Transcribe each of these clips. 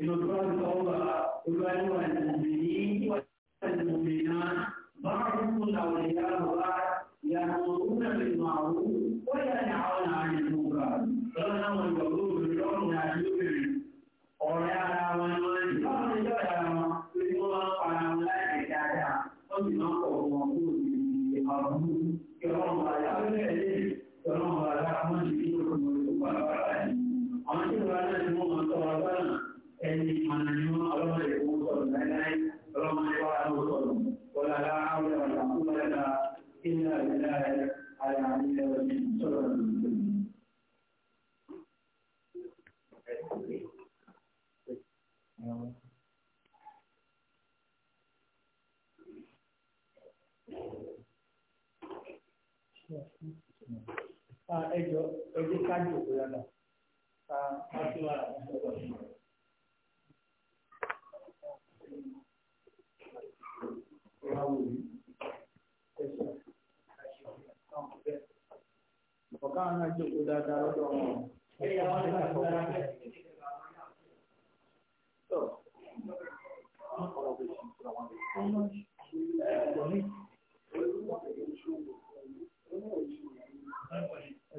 إن الله أولى المؤمنين والمؤمنات بعضهم الأولياء بعض يأمرون بالمعروف وينهون عن المنكر. فلنا والمغلوب اليوم لا يؤمن ولا لا ẹjọ́ ẹjọ́ kájú òkú yàrá ká ká sí wàrà ní ọjọ́ ìṣòro. ọ̀gá àwọn àjòkó dáadáa lọ́dọ̀ wọn. ẹ̀yà wọn ní àjòkó dáadáa. Thank you.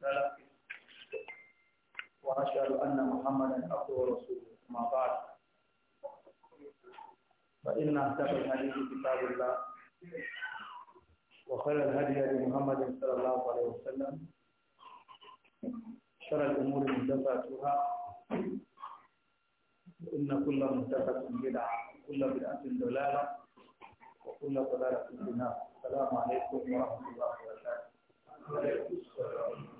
سلف وأشهد أن محمدا عبده ورسوله ما بعد فإن أصدق الحديث كتاب الله وخير الهدي هدي محمد صلى الله عليه وسلم شر الأمور محدثاتها وإن كل محدثة بدعة وكل بدعة ضلالة وكل ضلالة في النار السلام عليكم ورحمة الله وبركاته وعليكم السلام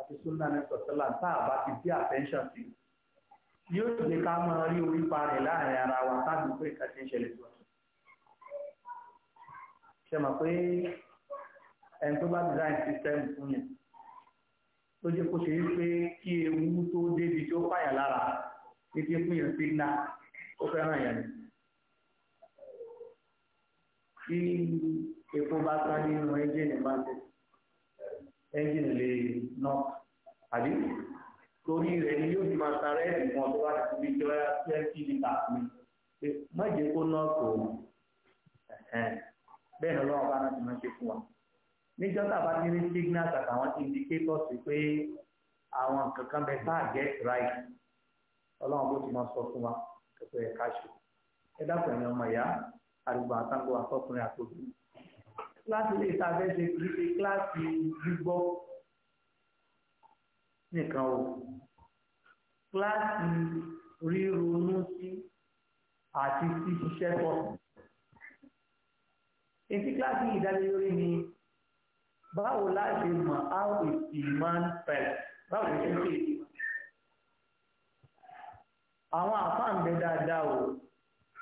àti sunna ní sọ̀tẹ́là tá a bá ti dí attention sí yóò jẹ́ ká máa rí orí parẹ̀ láàrin ara wa tábí pé ìka ti ń ṣẹlẹ̀ tó ṣe mọ̀ pé ẹni tó bá design system fún yẹn tó jẹ́ kó ṣe é pé kí ewu tó débi tó pààyàn lára títí fún yẹn signal ó fẹ́ràn yẹn tí epo bá tán nínú ẹjẹ́ ní bá tẹ̀sí. engine le knock àbí torí rẹ̀ ni yóò fi máa ta rẹ́ẹ̀dì kan to bá ti fi jọ twenty litres mi má jẹ́ kó nà kó bẹ́ẹ̀ ni ọlọ́run bá náà ti máa ṣe fún wa níjọ́ tá a bá ti rí signals àtàwọn indicators pé àwọn get right ti wa kíláàsì lè ta fẹ́ ṣe kìí ṣe kíláàsì gbígbọ́ nìkan o kíláàsì ríronú sí àti ṣíṣiṣẹ́ tọ́ etí kíláàsì ìdánilórí ni báwo láti mọ̀ how is the man felt báwo ló ṣe ń pè àwọn àfáàǹdẹ dáadáa o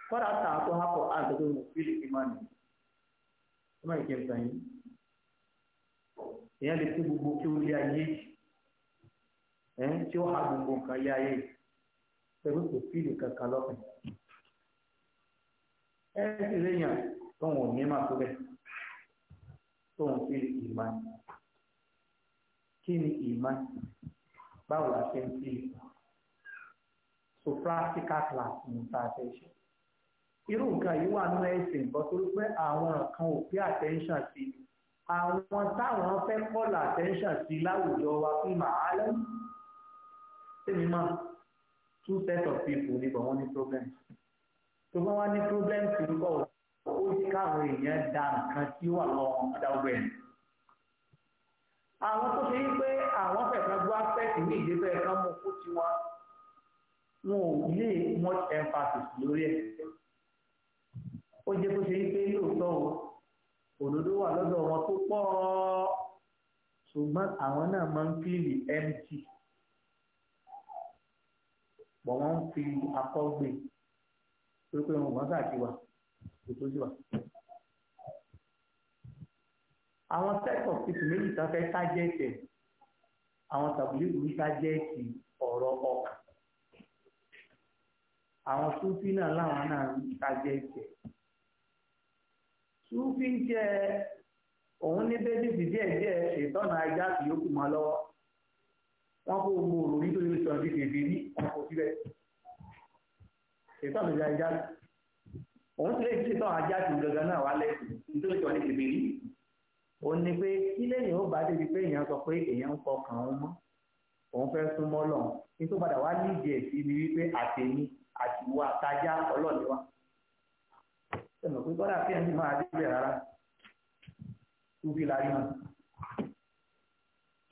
kọ́dà tààkọ́ àpò àǹtọ́tò ìmọ̀ fílì ìmọ̀ nìyí ẹ má jẹ nǹkan yìí èèyàn lè fi gbogbo kí ó lé ayé ẹ tí ó ha gbogbo nǹkan lé ayé pẹ̀lú kò fíìlì kankan lọ́kàn ẹ sì léèyàn tóun ò ní má tó bẹ́ẹ̀ tóun fíìlì ìmá kí ni ìmá báwo la ṣe ń fíìlì so practical class ní ta ṣe ṣe irú nǹkan yìí wà nínú ẹ̀sìn nǹkan tó pé àwọn kan ò pé attention sí àwọn táwọn fẹ́ kọ́lù attention sí láwùjọ wa fi màá lẹ́nu tèmi mọ̀ two sets of people ni but wọ́n ní problem tó bá wá ní problem tí ń bọ̀ ó yí káwọn èèyàn da nǹkan tí ó wà lọ́wọ́ wọn padà wẹ̀ àwọn tó ṣe pé àwọn fẹ̀kan gbọ́ aspect ní ìdébẹ̀ ẹ̀kan mú kó tiwọn wọn ò lè much emphasis lórí ẹ̀ ó jẹ́ kó ṣe wípé lóòótọ́ wọn òdodo wà lọ́dọ̀ wọn tó pọ̀ ṣùgbọ́n àwọn náà máa ń fíìlì empty bọ̀ wọ́n ń fi akọ́gbè pé wọn gbọ́n sáà kí wa kò tó sí wa. àwọn sẹ́kọ̀ọ́ tuntun méjì tán fẹ́ tájẹ́ẹ̀tì àwọn tàbílẹ́ẹ̀tì ní tájẹ́ẹ̀tì ọ̀rọ̀ ọkàn àwọn súnfì náà láwọn náà ń tájẹ́ẹ̀tì. Súfì n jẹ́ òun ní bẹ́ẹ̀dìsì díẹ̀ na ṣètọ́nà si sí ma lọwọ. lọ́wọ́. Wọ́n kó gbogbo òrò nítorí oṣù ọ̀dí kèfì rí kò síbẹ̀. Ṣètọ́nà ajá ajá sí. Òun ti lè ṣètọ́nà ajá sí gangan náà wálẹ̀ nítorí oṣù ọ̀dí kèfì rí. Òun ni pé kí lẹ́yìn ó bá sọ mọ́. Nítorí padà wá ní ìdí wípé àtiwọ́ ọlọ́ọ̀lẹ́wà. ẹnu pé bọ́dà fi ẹni máa dé ibẹ̀ rárá tó fi láyé wọn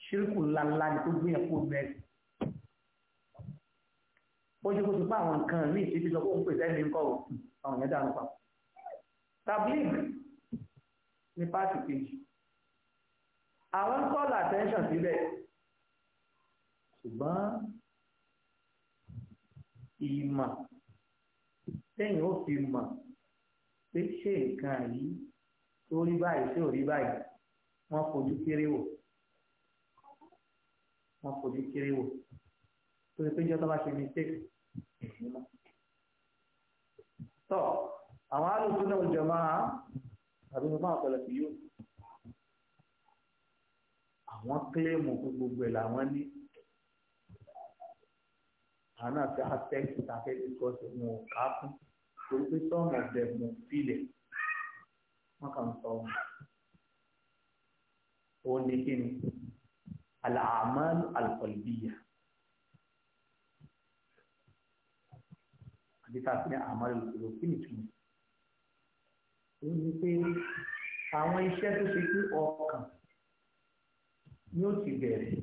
ṣírkù ńláńlá ni tó gbé ẹ̀kọ́ mẹ́rin ó jẹ́ kó ti pa àwọn nǹkan míì tí fi sọ pé òun pèsè ẹni ńkọ́ o àwọn yẹn dànù pa tablig ní pààtì kejì àwọn ń kọ́ attention síbẹ̀ ṣùgbọ́n ìmọ̀ tẹ́yìn ó fi mọ̀ pé ṣé nǹkan yìí tó rí báyìí tó rí báyìí wọ́n fojú kéré wò wọ́n fojú kéré wò tó ṣe pé jọ́ tó bá ṣe mistake tọ́ àwọn alùpùpù náà jọ máa àbí mo máa pẹ̀lẹ́ sí yóò àwọn kílèmù fún ẹ̀ làwọn ní àwọn náà ti aspect ìtàkẹ́ discourse wọn ò ká fún torí pé sọ́ọ̀nù àtẹ̀gùn filẹ̀ wọ́n kàn sọ ọ́n òun ni kí ni alàmánú alqalbiyya àdìsá sí àmàlù ìṣòro kí ni túmọ̀ òun ni pé àwọn iṣẹ́ tó ṣe pé ọkàn ni ó ti bẹ̀rẹ̀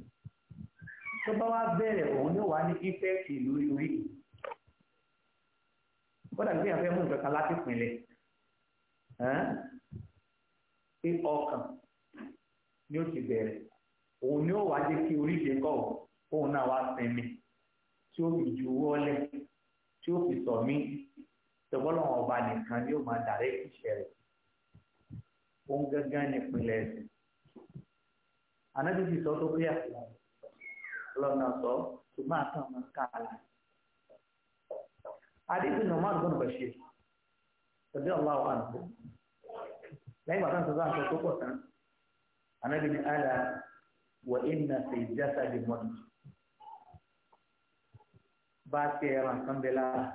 tó bá wá bẹ̀rẹ̀ òun yóò wá ní ífẹ́ẹ̀tì lórí orí yìí bọ́dà ní ìyàfẹ́ mú nǹkan kan láti pinlẹ̀ pé ọkàn ni ó ti bẹ̀rẹ̀ òun ni ó wá jẹ́ kí oríṣi kọ̀ òun náà wá sinmi tí ó fi ju wọ́lẹ̀ tí ó fi sọ̀ mí tọ́gbọ́lọ́wọ́n ọba nìkan ni ó máa dàrẹ́ ìṣẹ̀ rẹ̀ òun gángan ní ìpínlẹ̀ ẹ̀sìn anábìsí sọ tó kí àfihàn lọ́nà sọ ṣùgbọ́n àtàwọn máa ń kà حديث عمر بن بشير رضي الله عنه لما كان تزاح تطوقة أنا بن ألا وإن في الجسد بعد باكرا الحمد لله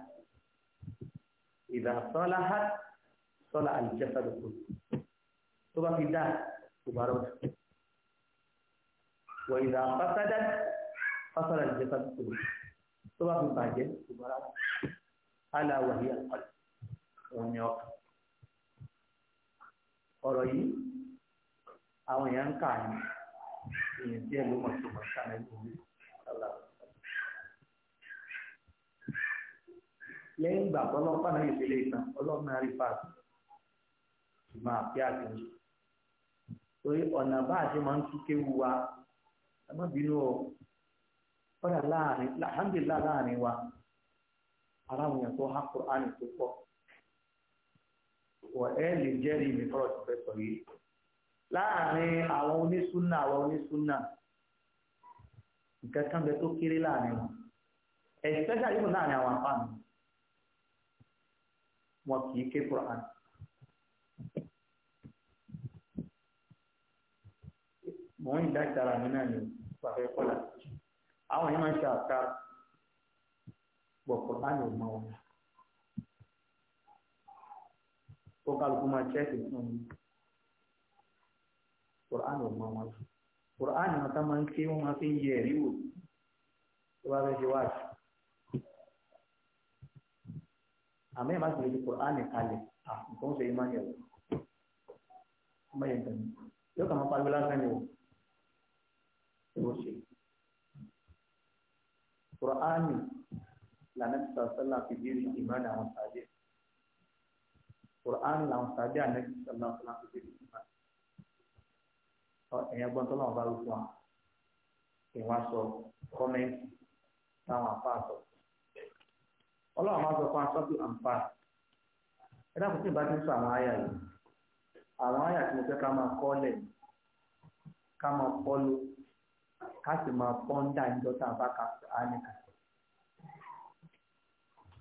إذا صلحت صلح الجسد كله تبقى في ده تبارك وإذا فسدت فصل الجسد كله تبقى في باجل تبارك aláwàhí àkọlù òun ni ọkàn ọ̀rọ̀ yìí àwọn èèyàn ń kà ní èèyàn díẹ̀ ló mọ̀ tó mọ̀ sáré lórí ọ̀la. lẹ́yìn ìgbà ọlọ́pàá náà yóò délé ìtàn ọlọ́run náà rí fáàtì ṣùgbọ́n àbí àtúnṣe torí ọ̀nà bá a ṣe máa ń tú kéwu wa ẹ má bínú o kọ́dà láàrin alhamdulillah láàrin wa aláwọn èèyàn tó há kúránì tó pọ̀ wọ ẹ lè jẹ́rìí mi tọrọ ti fẹ́ sọ yìí láàrin àwọn onísúnà àwọn onísúnà nǹkan kan bẹ tó kéré láàrin wọn ẹ̀sìtẹ́jà yìí láàrin àwọn àpáàmì wọn kì í ké kúránì. mò ń dájára mi náà ní ìpàdé kọ́lá àwọn yìí máa ń ṣe àkàrà bọ̀ kọ́tánì ọmọ wọn. kó kálukú máa chẹ́ẹ̀kì fún mi kọ́tánì ọmọ wọn. kọ́tánì wọn tá máa ń ké wọn máa fi ń yẹ ẹ̀rí wò tó bá fẹ́ ṣe wáàsí. àmì ìbá ti lè fi kọ́tánì kalẹ̀ àkùnkùn ṣe ìmáyẹ̀ wò. ìmáyẹ̀ tẹ̀lé yóò kà máa pariwo lásán ni wò. ìwọ ṣe. kọ́tánì lànà tí sàlá fi bèrè ìmánì àwọn sàbẹ̀ Quran làwọn sàbẹ̀ àná tí sàlá sàlá fi bèrè ìmánì ẹ̀yìn ẹgbọ́n tó náà bá rú fún wa ìwà sọ kọ́mẹ́ǹtì táwọn àfáà sọ ọlọ́run máa sọ fún asọ́tù àǹfà ẹ dákun tí ìbá ti ń sọ àwọn àyà yìí àwọn àyà tí mo fẹ́ ká máa kọ́ lẹ̀ ká máa pọ́lú ká sì máa pọ́ńdà níjọ́ tá a bá ka á nìkan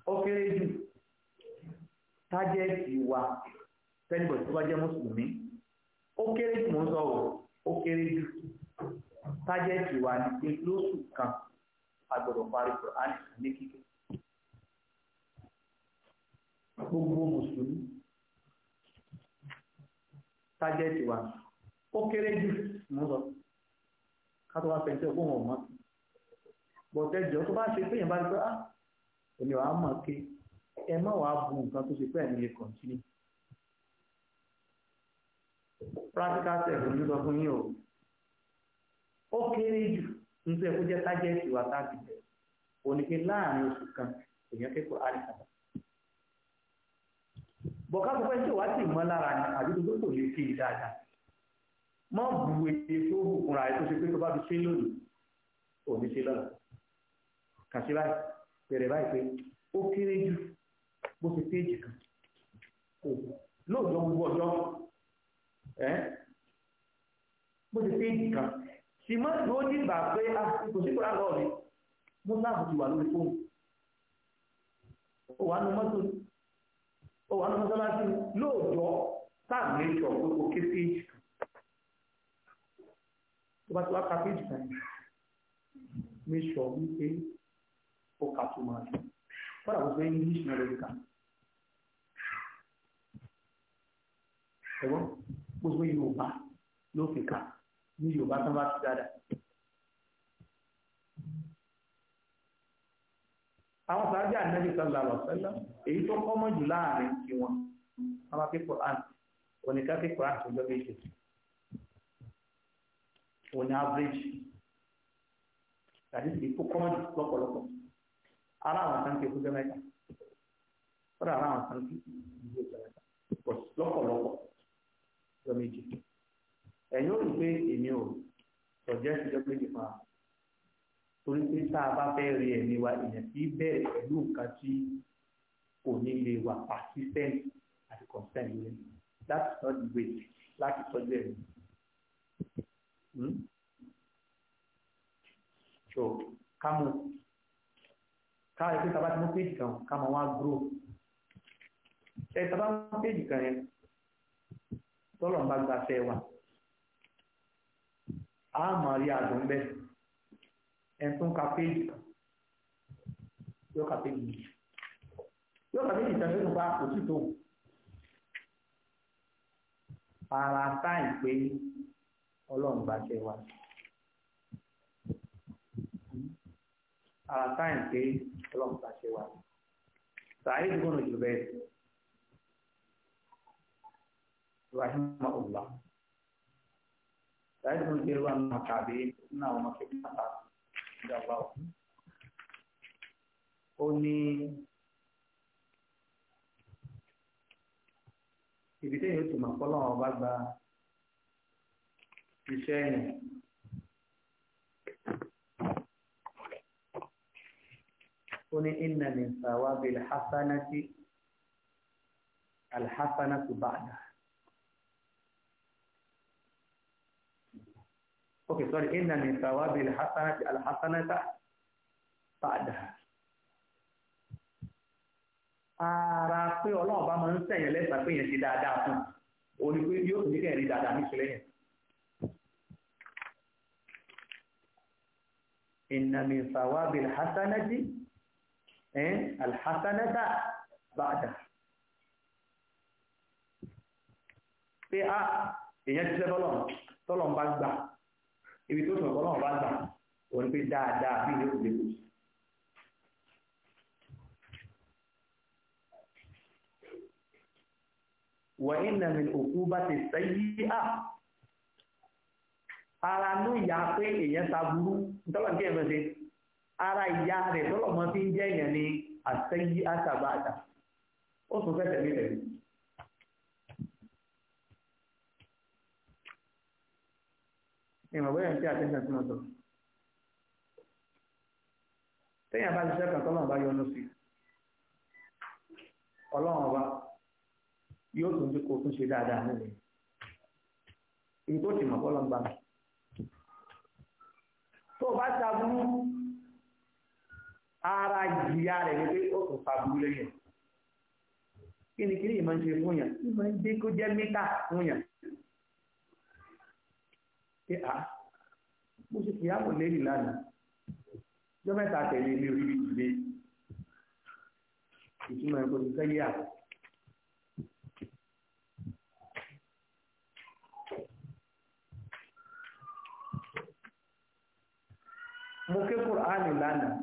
ó kéré jù tájẹ́ẹ̀tì wa tẹ́lifọ̀ tó bá jẹ́ mùsùlùmí ó kéré jù mọ́ sọ̀rọ̀ ó kéré jù tájẹ́ẹ̀tì wa ní pé lóṣù kan agbọ̀dọ̀ parí Quran ní kíkẹ́ gbogbo mùsùlùmí tájẹ́ẹ̀tì wa ó kéré jù mọ́ sọ̀rọ̀ ká tó wá fẹ́ntẹ́ ogún ọ̀mọ́ bọ̀tẹ́jọ́ tó bá ṣe pé yẹn bá rí pé ah èmi wàá mọ̀ pé ẹ má wàá bu nǹkan tó ṣe pé ẹ̀mí lè kọ̀ntínú. practical test ló sọ fún yín o ó kéré jù nítorí ẹ̀kọ́ jẹ́ tájẹ́ẹ̀tì wa táàbì tẹ̀ òní pé láàrin oṣù kan èèyàn kẹ́kọ̀ọ́ àríkàtà bọ̀ká tó fẹ́ tí wàá sì mọ́ lára ni àbí tó tó lè fi dáadáa má bu èdè tó bùkún ra ẹ̀ tó ṣe pé tó bá fi ṣe lónìí òní ṣe lọ́la kà bẹ̀rẹ̀ báyìí pé ó kéré jù bó ṣe péjì kan kò lóòjọ́ gbogbo ọjọ́ ẹ́ bó ṣe péjì kan sì mọ́ ìlú ó dìgbà pé a ah, kò sí kúrò àlọ́ mi mo láàbù ti wà lórí fóònù ó wà nù mọ́tò ó wà nù mọ́sálásí lóòjọ́ táà méjọ pé kò ké péjì kan tó bá ti wá ka péjì kan yìí méjọ wípé ó kà tó máa os kọ́dà kó pé english náà lórí kà ẹ̀wọ́n kó pé yorùbá ló fi kà ní yorùbá tó bá ti dáadáa. àwọn sàájà ànábì sallallahu alaihi wasallam èyí tó kọ́mọ́ jù láàrin tiwọn àwọn akẹ́kọ̀ọ́ àti oníkà àti ọjọ́ méje òní average tàbí èyí tó kọ́mọ́ lọ́pọ̀lọpọ̀ ara àwọn kan ti kú jẹ́mẹ́ta kódà ara àwọn kan ti kú jẹ́mẹ́ta pọ̀ lọ́pọ̀lọpọ̀ jọ méjì ẹ̀yin ò rí pé èmi ò sọ̀jẹ́ sí jọ méjì fún wa torí pé tá a bá fẹ́ rí ẹ̀mí wa èèyàn kì í bẹ̀rẹ̀ pẹ̀lú nǹkan tí kò ní lè wà persistent àti consent lórí láti tọ́jú ìwé láti tọ́jú ẹ̀mí. Hmm? so kámo káwọn ìpè tàbá ti mú péjì kan ká máa wá gúrò ẹ tàbá mú péjì kan yẹn tọ́lọ̀ ń bá gba fẹ́ wa a máa rí àdùn bẹ́ẹ̀ ẹni tó ń ka péjì kan yóò ka péjì yìí yóò ka péjì kan tó òtítọ́ ara táì pé ọlọ́run bá fẹ́ wa ara táyìn pé ọlọ́run ta ṣe wà. sàáyé ti gbọ́nà jù bẹ́ẹ̀ rahima ọ̀la sàáyé ti gbọ́nà jù wà nínú àkàbí nínú àwọn ọmọkẹ́kẹ́ náà ìjọba ó ní inna min sawabil hasanati alhasanatu ba'da. Okay, sorry. Inna min sawabil hasanati alhasanata ba'da. Ara pé ọlọ́run bá máa ń sẹ̀yìn lẹ́sàn pé yẹn ti dáadáa fún un. Orí pé yóò ní kẹ́rin dáadáa ní ìṣẹ̀lẹ̀ yẹn. Inna min sawabil hasanati alhassanata ba'da pé a ah, èèyàn ti sẹ́bọ́ lọ́nà tọ́lọ̀ ń bá gbà ibi tó sọ̀rọ̀ lọ́nà bá gbà òun pé dáadáa bí ilé òde kò sí. wọ̀nyínà mi òkú bá ti sẹ́yí à ara ló yà pé èèyàn ta burú nítorí kí èèyàn ṣe ara ìyá rẹ̀ tọ́lọ̀mọ́ tí ń jẹ́ èèyàn ní àtẹ́yí àtàbàtà ó sùn fẹ́ tẹ̀lé tẹ̀lé. ìmọ̀gbẹ́ tí àtẹ́yìn tí wọ́n sọ. téèyàn bá ṣiṣẹ́ kan tọ́lọ̀mọ́ bá yọnu sí ọlọ́run ọba yóò tún dín kó tún ṣe dáadáa nílẹ̀ ibi tó ti mọ̀ ara ìjìyà rẹ̀ ní pé ó tún fàbú lẹ́yìn kí ni kiri ìmọ̀ ń ṣe fún yàn ìmọ̀ ń gbé kó jẹ́ mítà fún yàn pé à mo ṣe kìyàwó lẹ́yìn lánàá ọjọ́ mẹ́ta tẹ̀lé mi orí ìdílé ìtumọ̀ ẹ̀kọ́ ti fẹ́ yé à. mo ké kúrò ánì lánàá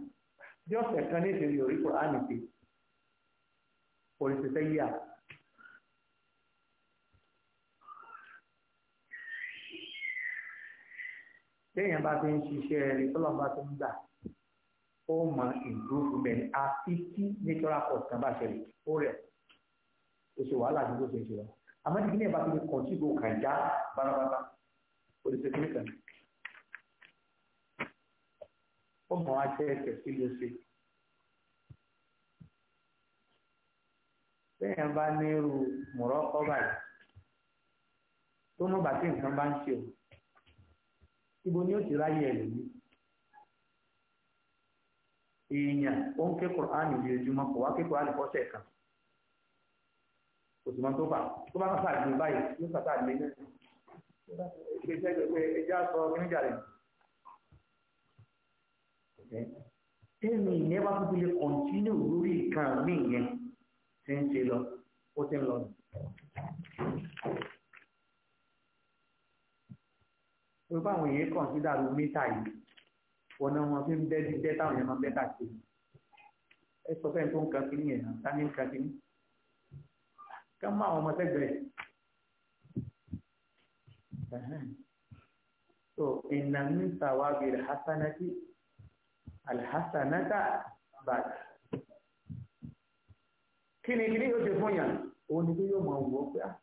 bí ọ̀sẹ̀ kan ní ìṣèlú orí kò ánì pé oríṣiṣẹ́ yíyà. téèyàn bá ti ń ṣiṣẹ́ rẹ̀ tọ́lọ́ bá ti ń gbà ó mọ improvement àfi kí natural cause kan bá ṣẹlẹ̀ ó rẹ̀ ó ṣe wàhálà àdúgbò ṣe ṣe wà. àmọ́ ìdílé ó mọ̀ wá tẹ́ ẹsẹ̀ sí ló ṣe. bẹ́ẹ̀ bá ní irú mọ̀rọ́kọ́ báyìí tó mọ̀ bàtí nǹkan bá ń ṣe o ibo ni ó ti ráyè ẹ̀ lèyí. èèyàn ó ń ké Kùránì lójoojúmọ́ kò wá ké Kùránì fọ́sẹ̀ kan kò sì mọ tó bá tó bá bá sáà gbé báyìí yóò sáà gbé náà. ẹgbẹ́ ẹgbẹ́ ẹjẹ́ àsọ kíníjà rẹ̀ tẹ́mi ìyẹn bá tún fi lè kọ̀ntínú lórí nǹkan mi yẹn ti ń ṣe lọ ó ti ń lọ. pé báwọn èèyàn kọ̀ǹsídà ló mítà yìí wọn náà wọn fi ń bẹ́ẹ̀ dídẹ́ táwọn èèyàn máa ń bẹ́ẹ̀ káàkiri ẹ sọ fẹ́ni tó ń kan kínní yẹn náà tani ń kan kínní ká mú àwọn ọmọ sẹ́gbẹ̀ẹ́ so ìnáwó ń ta wá bèrè hasanati alhassanata bad kí ni kí ni yóò ṣe fún yàn òun ni pé yóò mọ òwò pé ah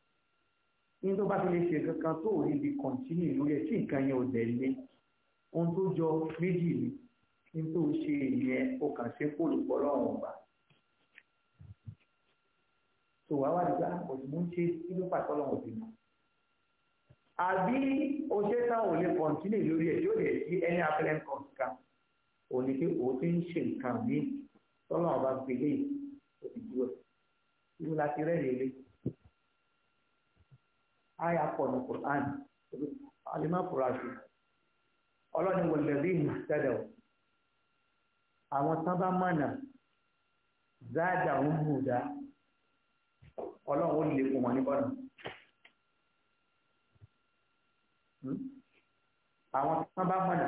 ní tó bá fi lè ṣe kankan tó rí ibi kọ̀ǹtínì lórí ẹ̀ tí nǹkan yẹn ò dẹ̀ lé ohun tó jọ méjì ni ní tó ṣe ìyẹn ó kàn ṣe kó lùpọ̀ lọ́rùn ọ̀gbà tó wá wá nígbà òsì mú ṣe kí ló pàtó lọ́wọ́ òbí mọ́ àbí oṣẹ́ táwọn ò lè kọ̀ǹtínì lórí ẹ̀ tí lè di ẹni abẹ́lẹ́ kan òní pé òótọ́ ń ṣe nǹkan mí tọ́lọ́ ọba gbélé òdìjú ẹ̀ inú láti rẹ́rìn ilé àyà pọ̀ Qur'an alimáfurasì ọlọ́ni wọ̀lẹ́rì ìmọ̀tẹ́lẹ̀ o àwọn tán bá mọ̀nà záàdà ń mú dá ọlọ́run ó lè kún wọn ní bọ́nà. Hmm? àwọn tán bá mọ̀nà.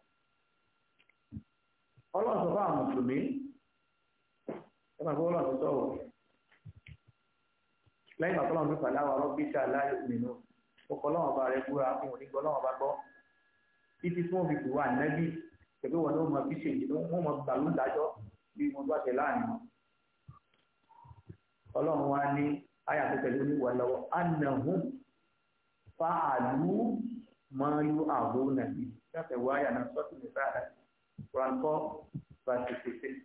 ọlọ́run sọ fún àwọn mùsùlùmí ẹ máa fọ ọlọ́run tó sọ̀rọ̀ lẹ́yìn bàbá ọlọ́run nípa láwọn ọlọ́gbẹ́sà láàyè òmìnira ọkọ̀ ọlọ́run bá rẹ búra fún onígbọ́ ọlọ́run bá gbọ́ títí tí wọ́n fi pè wá nẹ́bí pẹ̀lú wọn ló mọ bí ṣe ìdí wọn mọ gbà ló ń dájọ́ bí wọn bá tẹ̀ láàrin wọn. ọlọ́run wa ní àyà tó tẹ̀lé oníwà lọ́wọ́ anahun fàálù mọ́lú àbó nàbí Quran 4, verse 66.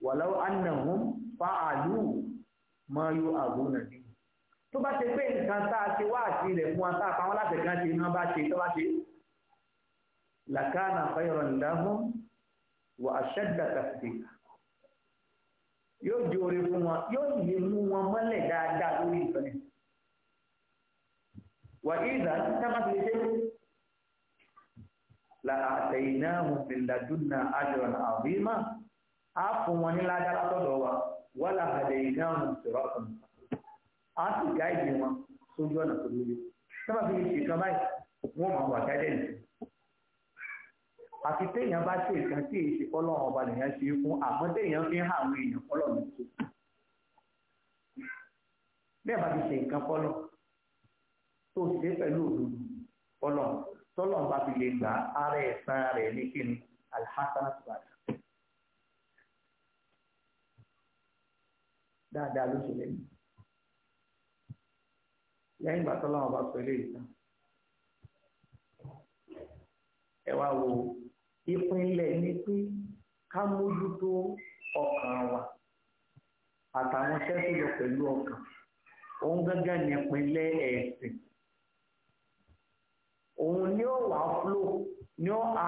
Wàláwó annahum fa'alu máa yóò àgbóhùnà Tu ba se ṣe pé nǹkan tá a ṣe wá àti ilẹ̀ fún wa tá a fáwọn láti kan ṣe iná bá ṣe tó bá ṣe. Làkánà fayọ̀rọ̀ ìdáhùn wà àṣẹ́dà tàfíìkà. Yóò jẹ́ oore fún wọn, yóò sì lè mú wọn mọ́lẹ̀ dáadáa lórí ìfẹ́. Wà ìdá tí wọ́n لآتيناهم من لدنا أجرا عظيما عفوا لا دلت دوا ولا هديناهم صراطا àti gáìdì wọn sójú ọ̀nà tó lóye sábà fi ṣe kan báyìí wọn máa wà gáìdì nì. àti téèyàn bá ma ọ bụ èyí ṣe fọlọ́run ṣe àwọn ti tọ́lọ̀ bá fi lè gbà ara ẹ̀sán rẹ̀ ní kíni alhassanatu bàdà. dáadáa ló ṣe lẹ́nu lẹ́yìn ìgbà tọ́lọ́ bá sọ eléyìí tán ẹ wá wo ìpínlẹ̀ ni pé ká mójútó ọkàn wa àtàwọn iṣẹ́ tó lọ pẹ̀lú ọkàn òun gángan ní ìpínlẹ̀ ẹ̀sìn òun ni ó wà fúlò ni ó a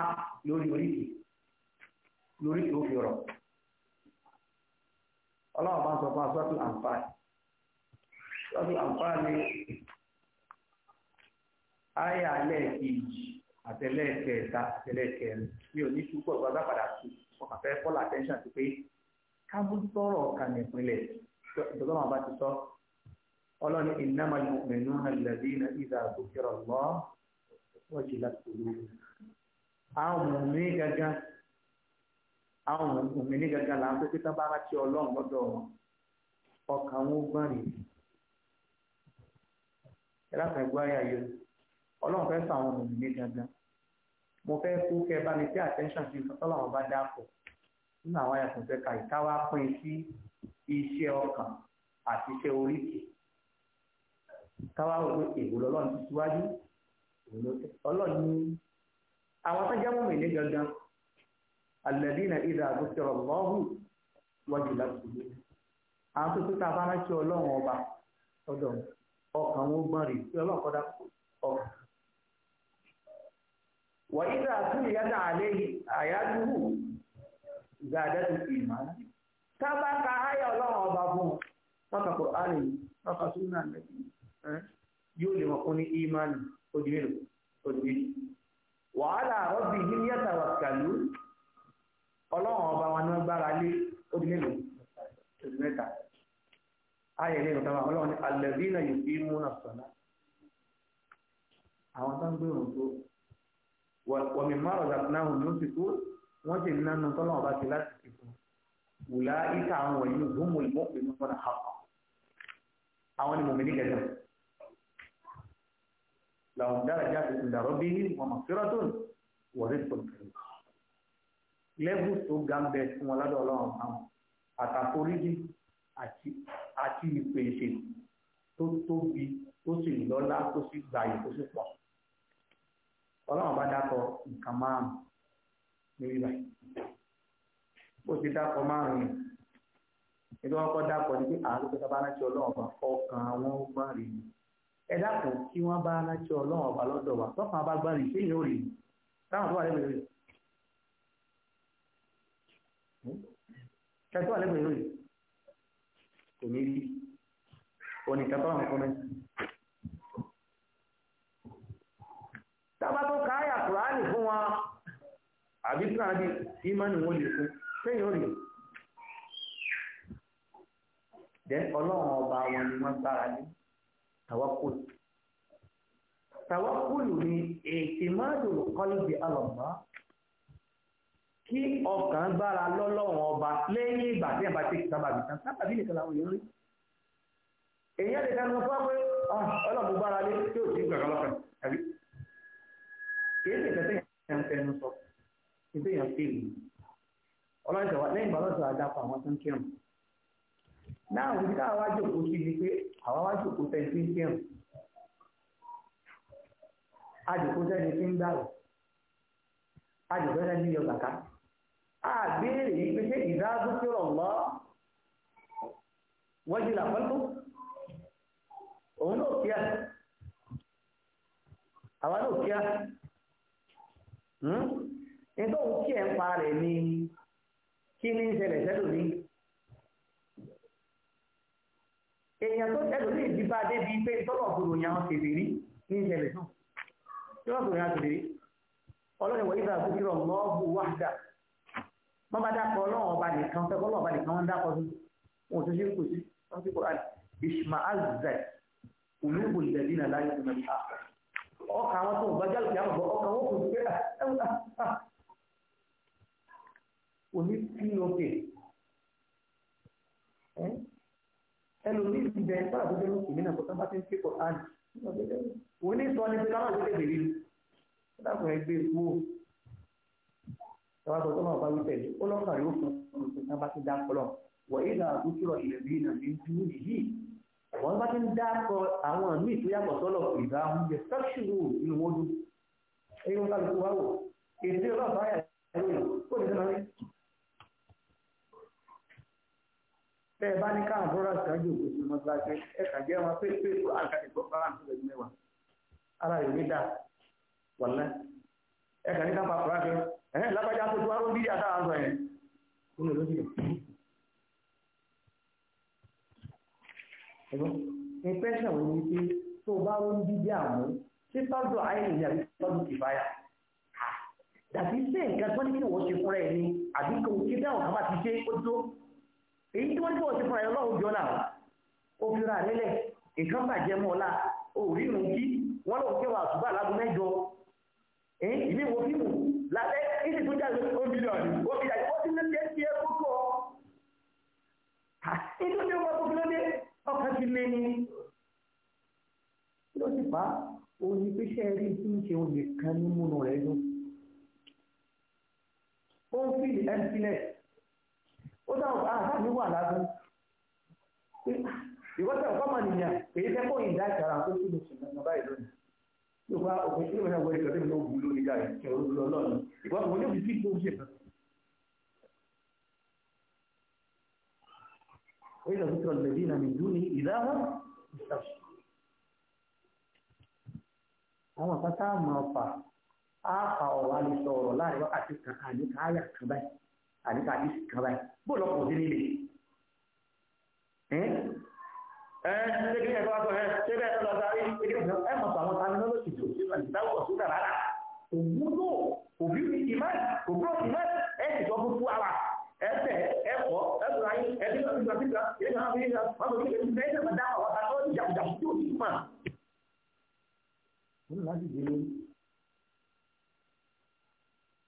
lórí oríkì lórí tó fi rọ̀ ọlọ́run máa ń sọ fún asọ́tù àǹfààní asọ́tù àǹfààní ayé alẹ́ kejì àtẹlẹ́kẹta àtẹlẹ́kẹrin mi ò ní túbọ̀ gbọ́dọ̀ padà sí ọkàn fẹ́ kọ́lá attention ti pé kábùtọ́rọ̀ kan nípínlẹ̀ ìjọba àwọn bá ti sọ ọlọ́run ìnáma mẹ́nu hàn ìdá àbúkẹ́rọ̀ lọ́ọ́ wọ́n ti láti olóògùn àwọn mùmí gangan àwọn mùmí ní gangan là ń pé pété bá rántí ọlọ́run lọ́dọ̀ wọn ọkàn wọn ó gbọ́n rèé ẹ láti ẹgbẹ́ ayé ayé ọlọ́run fẹ́ sọ àwọn mùmí ní gangan mo fẹ́ kú kẹ́ bá mi pé attention sí nǹkan tọ́lọ́run bá dá pọ̀ nínú àwọn ayàtọ̀ fẹ́ ka ìkáwá pín sí iṣẹ́ ọkàn àti iṣẹ́ oríkì káwá wọ́n pé èwo lọ́lọ́run ti síwájú. ọlọ́run àwọn tó jẹ́ mọ́mìnì gangan alladhina idha dhukira Allahu wajilat qulubuhum àwọn ta ọba wa a bá ka ayé ọlọ́run ọba fún ka Qur'ani wọ́n ka sunna yóò lè ní ó di mélòó ó di méjì wàhálà rọ́bì yìí yẹ́ta wà kàlú ọlọ́run ọba wọn náà gbára lé ó di mélòó ó di mẹ́ta ayé ní ìrọ̀tà wọn ọlọ́run ní alẹ́bí náà yóò fi mú náà sọ̀nà àwọn tó ń gbé òun tó wọ́n mi máa náà òun ti kú wọ́n sì ní tọ́lọ́run ọba ti láti ti fún wùlá ìta àwọn wọ̀nyí ló mú ìmọ̀ ìmọ̀ náà àwọn ni mòmìnir gẹ̀gẹ̀ لهم درجات عند ربهم ومغفرة ورزق كريم lẹ́bù tó ga ń bẹ fún wọn lọ́dọ̀ ọlọ́run àwọn àtàforíjì àti ìpèsè tó tóbi tó sì lọ́lá tó sì gbààyè tó sì pọ̀ ọlọ́run bá dákọ̀ nǹkan márùn-ún níbí báyìí bó ti dákọ̀ márùn-ún yẹn nígbà wọn kọ́ dákọ̀ ní pé àárò pé tábánà ọlọ́run bá fọ́ kan wọn ó gbọ́n rèé ẹ dákun kí wọ́n bá rántí ọlọ́run ọba lọ́dọ̀ wa tọ́kàn abágbárí ṣé ìyẹn ò rí táwọn tó wà lẹ́gbẹ̀ẹ́ rẹ̀ hmm? kẹ́ tó wà lẹ́gbẹ̀ẹ́ rẹ̀ kò ní rí oníkan tó wà fún mi. tábà tó ká àyà kùránì fún wa àbí tí àbí ìmánì wọn lè fún sẹ́yìn òrì jẹ́ ọlọ́run ọba wọn ni wọ́n gbára ní tawakkul tawakkul ni ìtìmọ́dù kọ́lùbì alọ́mọ́ kí ọkàn gbára lọ́lọ́run ọba lẹ́yìn ìgbà tí ẹ̀bá tí sábà bì tán sábà bí nìkan làwọn yòórí èyí ẹ̀dẹ̀ kan fọ́ pé ah, ọlọ́mù gbára lé tí ò sí gbàgbọ́ lọ́kàn tàbí kìí ṣe ìfẹ́ tẹ̀yàn ń fẹnu sọ ìfẹ́ yàn fèèrè ọlọ́run ṣẹ̀wá lẹ́yìn ìgbà lọ́sọ̀ àdàpọ̀ àwọn tó ń kírun náà òbí káwọn wá jòkó sí ni pé àwọn wá jòkó tẹ́ sí kírun àjòkó sẹ́ni tí ń gbàrò àjòkó sẹ́ni yọ bàtà àgbéèrè yìí pé ṣé ìdádókòrò lọ wọ́jú làpọ́lùkù òun náà kíá àwa náà kíá nítorí kí ẹ̀ ń ni kí èèyàn tó tẹ̀lé ní ìdíbà débi pé tọ́lọ̀ gbòòrò yàn án tèbè rí ní ìṣẹ̀lẹ̀ náà tọ́lọ̀ gbòòrò yàn án tèbè rí ọlọ́run ìwọ̀nyí bá gbókè rọ̀ lọ́ọ̀bù wáhádà wọ́n bá dákọ̀ ọlọ́run ọba nìkan fẹ́ ọlọ́run ọba nìkan wọ́n dákọ̀ sí wọn ò tún ṣe kù sí wọ́n ti kọ́ àlè ìṣmà azẹ̀ olúbo ìdẹ̀bí nà láyé tó nàbí àpẹ ọkà àwọn tó ń bá jálùkì àmọ̀ ọkà wọn kò sí pé òní ah, ah, ah. pop ẹlòmíì ti bẹ nípa àbújá ló kùmí náà kó tán bá ti ń ké kọ̀ọ̀tà ní. òun ní sọ ni pé káwọn àwọn èdè rí dákun ẹ gbé epo tọ́wọ́ tọ́wọ́ náà bá wí tẹ̀lé ó lọ́kàn yóò fún un pé tán bá ti dá kọlọ̀ wọ̀ ìlà àbújúrọ̀ ilẹ̀ bíi nà ní ju yìí wọ́n bá ti ń dákọ̀ àwọn míì tó yàtọ̀ sọ́lọ̀ ìgbà tẹ́ ẹ bá ní káwọn bọ́ra ṣáájú òkú sí wọn bá jẹ ẹ kà jẹ́ wọn pé pé kúrò àǹkà ìgbọ́ bá àǹkà ìgbọ́ mẹ́wàá ara rẹ̀ ní dà wọ̀lẹ́ ẹ kà ní káfà kúrò àjọ ẹ̀hẹ́ lágbájá tó tó wá rúbí àtà àzọ yẹn kúrò lójú rẹ̀. ẹ̀gbọ́n ìpẹ́sẹ̀ wo ni pé tó bá rún bíbí àmú ṣé fáwọn àìní ni àbí fáwọn kìfáyà dàbí sí nǹkan tó ní kí wọ́n ṣe fúnra ẹ̀ ni àbí kò kí dáhùn kábàtì ṣe ó tó èyí tí wọ́n ní bọ́ọ̀ sí fún ẹ̀rọ ọ̀jọ́ náà ó fi ra rẹ́lẹ̀ nǹkan bàjẹ́ mọ́ ọ̀la òrí ìrùn kí wọ́n lọ kí wàá àtúbà lágùn mẹ́jọ ìmí wo fíìmù lálẹ́ ìsì tó jáde ó mílíọ̀nù ó fi jáde ó ti lé lé ẹ kókó ọ. inú ni wọn kó fi lóde ọkàn ti lé ní. kí ló sì bá oyin pé ṣe rí tí ń ṣe olè kan ní múnú rẹ̀ dùn. ó ń fi emptiness ó dáhùn àtàkì ah, wà lágún ah, ìwọ́sẹ̀ ọ̀pọ̀mọ̀ nìyàn èyí tẹ́kọ̀ ìdá ìtara tó kí lóṣù náà báyìí lónìí tí ó bá òfin tí ìwọ́sẹ̀ wọlé ìjọba ìlú ògùn lórí ìjà ìṣẹ́ olóòlù ọlọ́run ìwọ́sẹ̀ wọlé òfin tí ìgbóhùn ṣèkà وإذا ذكر الذين من دونه إذا هم يستبشرون àwọn kan tá a mọ̀ ọ́ fà á fà ọ̀rọ̀ àlè sọ̀rọ̀ láàrin wákàtí kan àníkáyà kan báyìí àníkà àdìsí kan báyìí bó lọ pọ̀ sí nílé ẹ́ ṣé kí ẹ̀fọ́ sọ ẹ ṣé bẹ́ẹ̀ lọ sáré ẹ mọ̀ sọ àwọn terminology tó ṣe wà nígbàgbọ́ tó dà rárá òwúlò òbí ìmáì òbúrò ìmáì ẹ sì sọ fún fúwa ẹsẹ̀ ẹ̀kọ́ ẹ̀sùn ayé ẹbí lọ sí ìgbàsígbà ìrìn àwọn ìrìn àwọn ọmọ ìrìn ìrìn ẹ̀sẹ̀ máa dá àwọn àtàkọ́ ìjàkújà tó ti mà. ó ní láti dé lórí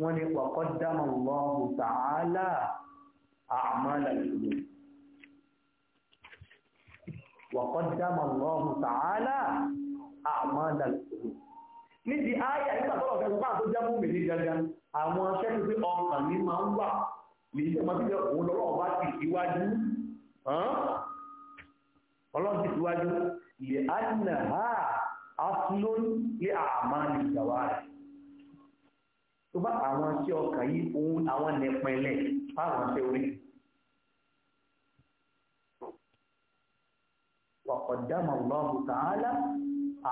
wọ́n ní wàkọ́ dámà Allahu ta'ala a'mal al-qulub wàkọ́ dámà Allahu ta'ala a'mal al-qulub níbi ayà nígbà tọ́lọ̀ fẹ́ fún àtọ́jà mú mi ní gangan àwọn aṣẹ́kù pé ọkàn ní máa ń wà ní ìṣẹ́ ọmọ bíbẹ̀ òun lọ́wọ́ bá ti síwájú ọlọ́run ti síwájú lè ánà ha aslun tó bá àwọn tí ọkàn yìí òun àwọn nẹpẹlẹ fáwọn tẹ orí. wa qaddama Allahu ta'ala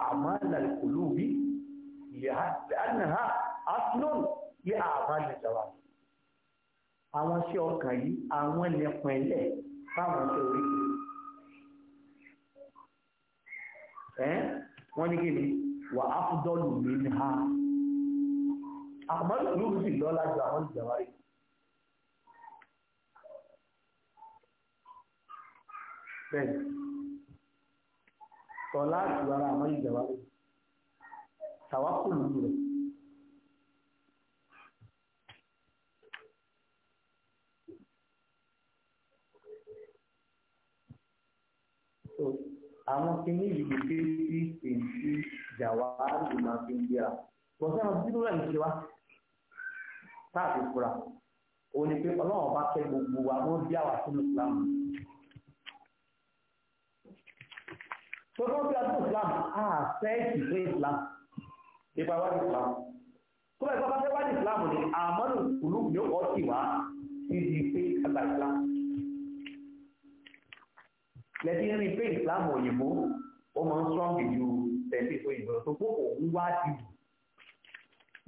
a'mal al-qulubi li'annaha aslun li a'mal al-jawari. àwọn tí ọkàn yìí àwọn nẹpẹlẹ fáwọn tẹ orí. wọ́n ní kí ni wà á fún dọ́lù mi ní ha àmọ́ ìlú sì lọ́lá ju àwọn ìjàwárí. bẹ́ẹ̀ tọ́lá àti ara àwọn ìjàwárí tàwákùlù rẹ̀. àwọn kìíní yìí kò dé sí èyí jàwá àti màá fi ń gbéra. bọ̀sán àbúrò rẹ̀ ń ṣe wá táàbí fura òun ni pé ọlọ́run bá kẹ́ gbogbo wa ló bí àwa sínú ìsìlámù tó ló bí àdúgbò Islam. á fẹ́ ìfẹ́ ìsìlámù nípa wájú ìsìlámù tó bá ìsọ́ba fẹ́ wájú ìsìlámù ni àmọ́nù kùlù yóò kọ́ sí wa ìdí pé àgbà ìsìlámù lẹ́bí rí pé ìsìlámù òyìnbó ó máa ń sọ́ọ̀gì ju tẹ̀sí òyìnbó tó kó òun wá dìbò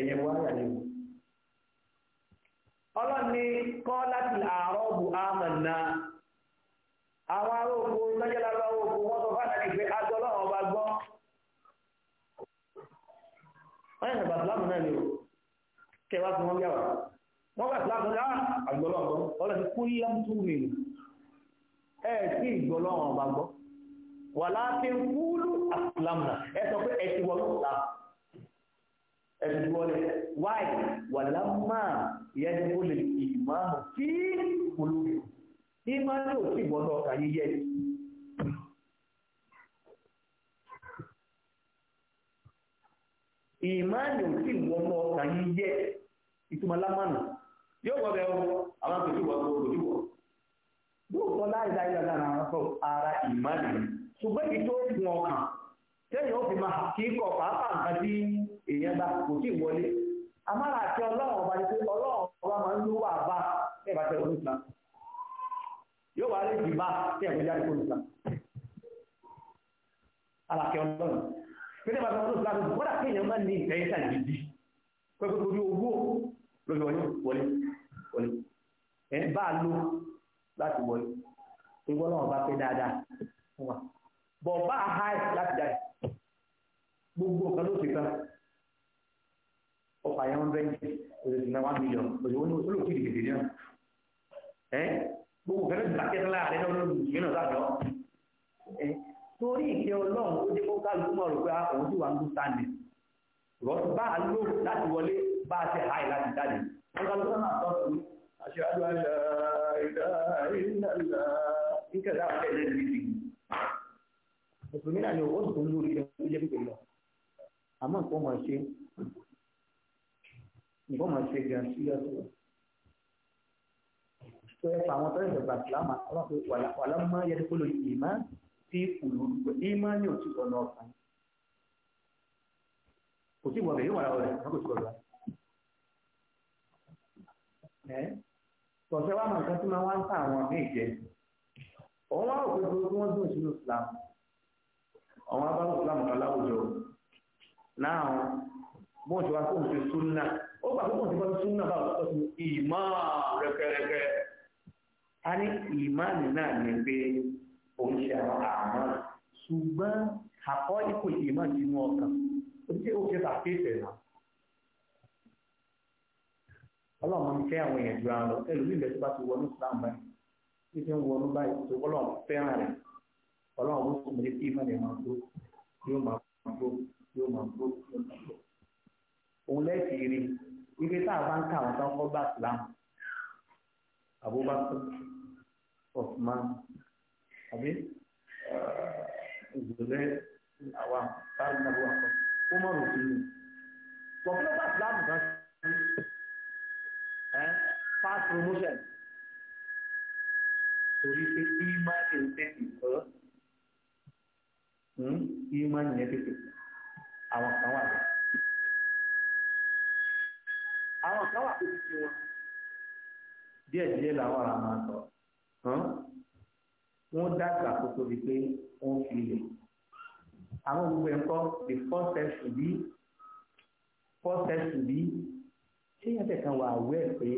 ẹ̀yẹ wọ́n yà ní wọn. ọlọ́ni kọ́ láti àárọ̀ bù àmàna àwọn aróòkú nájẹ́lá lọ́wọ́ òkú wọ́n sọ fáwọn ìgbé agbọ́ ọba gbọ́. wọ́n yẹn nàgbà sílámù náà ni o kẹwàá tí wọ́n yà wá wọ́n gbà sílámù náà àgbọ̀ lọ́wọ́ ọlọ́ni kúlí lámùtú mi ẹ̀ sí ìgbọ́ lọ́wọ́ ọba gbọ́ wàlá ti kúlú àsìlámù náà ẹ sọ pé ẹ ti wọ́n lọ́wọ́ ẹ̀dùnkọ́lẹ̀ wáì wà lámà ìyẹ́dùnkọ́ lè ìmáàmù tí olóòrùn ní máa ní òsì gbọ́dọ̀ ọ̀kà yíyẹ ìmáàmù òsì gbọ́dọ̀ ọ̀kà yíyẹ ìtumọ̀ lámànà yóò wọ́ bẹ̀rù àwọn akẹ́kọ̀ọ́ wọ́n kò lójú wọ́ lóòótọ́ láìláìlá lára àwọn ọkọ̀ ara tẹ́yìn ó fi máa kí kọ̀ pàápàá nǹkan tí èèyàn gba kò tí ì wọlé amára àti ọlọ́run ọba ni ọlọ́run ọba máa ń lú wà bá tẹ́ bá tẹ̀wọ́n nìkan yóò wá lè jì bá tẹ́ nìkan ọlọ́run pété ọlọ́run kéèyàn máa ní ìfẹ́ owó wọlé wọlé bá a lò láti wọlé bá dáadáa Nàìjíríà ẹ gbogbo fẹrẹ gbàkẹ́ ńlá rẹ náà ló lù mí náà sábà ẹ torí ìkẹ́ ọlọ́run ó dé kó kálukú mọ̀ rò pé àwọn tí wà ń dún sáni rọ́ọ̀tù bá a lò láti wọlé bá a ṣe háì láti jáde wọn kálukú náà sọ fún mi àṣewájú àṣà ìdá ìdá ìkẹta àwọn ẹ̀rẹ́ ìdíjì mùsùlùmí náà ni ó sùn lórí ẹ̀ tó jẹ́ pípé lọ àmọ́ nǹkan máa ṣe nǹkan máa ṣe gan sí ọ̀sẹ̀ ọlọ́pẹ́ wàlámọ́ yẹdẹ́kọ́lọ́ ma tí olùdókòwò ìmá ní òtí ọ̀nà ọ̀sán kò sí ìwọ̀bẹ̀ yóò wà láwọ̀ rẹ̀ kò sí ọ̀rọ̀ ẹ̀ tọ̀sẹ̀ wà máa ń kan tí máa Islam Islam a ní ìmáàmù náà ní pé òun ṣe àwọn àmọ́ ṣùgbọ́n àkọ́ ipò ìmáàmù inú ọkàn ó ti ó ṣe fàkíyèsí náà ọlọ́run ń fẹ́ àwọn èèyàn ju ara lọ ẹlòmíì lẹ́sí bá ti wọnú Islam báyìí bí ti ń wọnú báyìí tó ọlọ́run fẹ́ràn rẹ̀ ọlọ́run ó sì mọ̀lẹ́ kí ìmáàmù máa gbó yóò máa gbó yóò máa gbó òun lẹ́sì rí ibi tá bá ń ká àwọn tó kọ́ gbà Islam Abubakar Osman àbí ìgbòlẹ́ àwa táwọn ìnáwó àkọ́ ó mọ̀ rò sí i pọ̀kí ló bá ìsìláàmù kan sí ẹ́ eh, fast promotion torí pé ìmọ̀ ẹ̀ ń tètè kọ́ ìmọ̀ ẹ̀ ń tètè àwọn kan wà lọ àwọn kan wà tó ti wọn díẹ̀ díẹ̀ làwọn ará máa sọ wọ́n dàgbà kó tóbi pé wọ́n fi ilẹ̀ àwọn gbogbo ẹ̀kọ́ the first step should be first step should be ṣé yẹn tẹ̀kan wà awẹ́ pé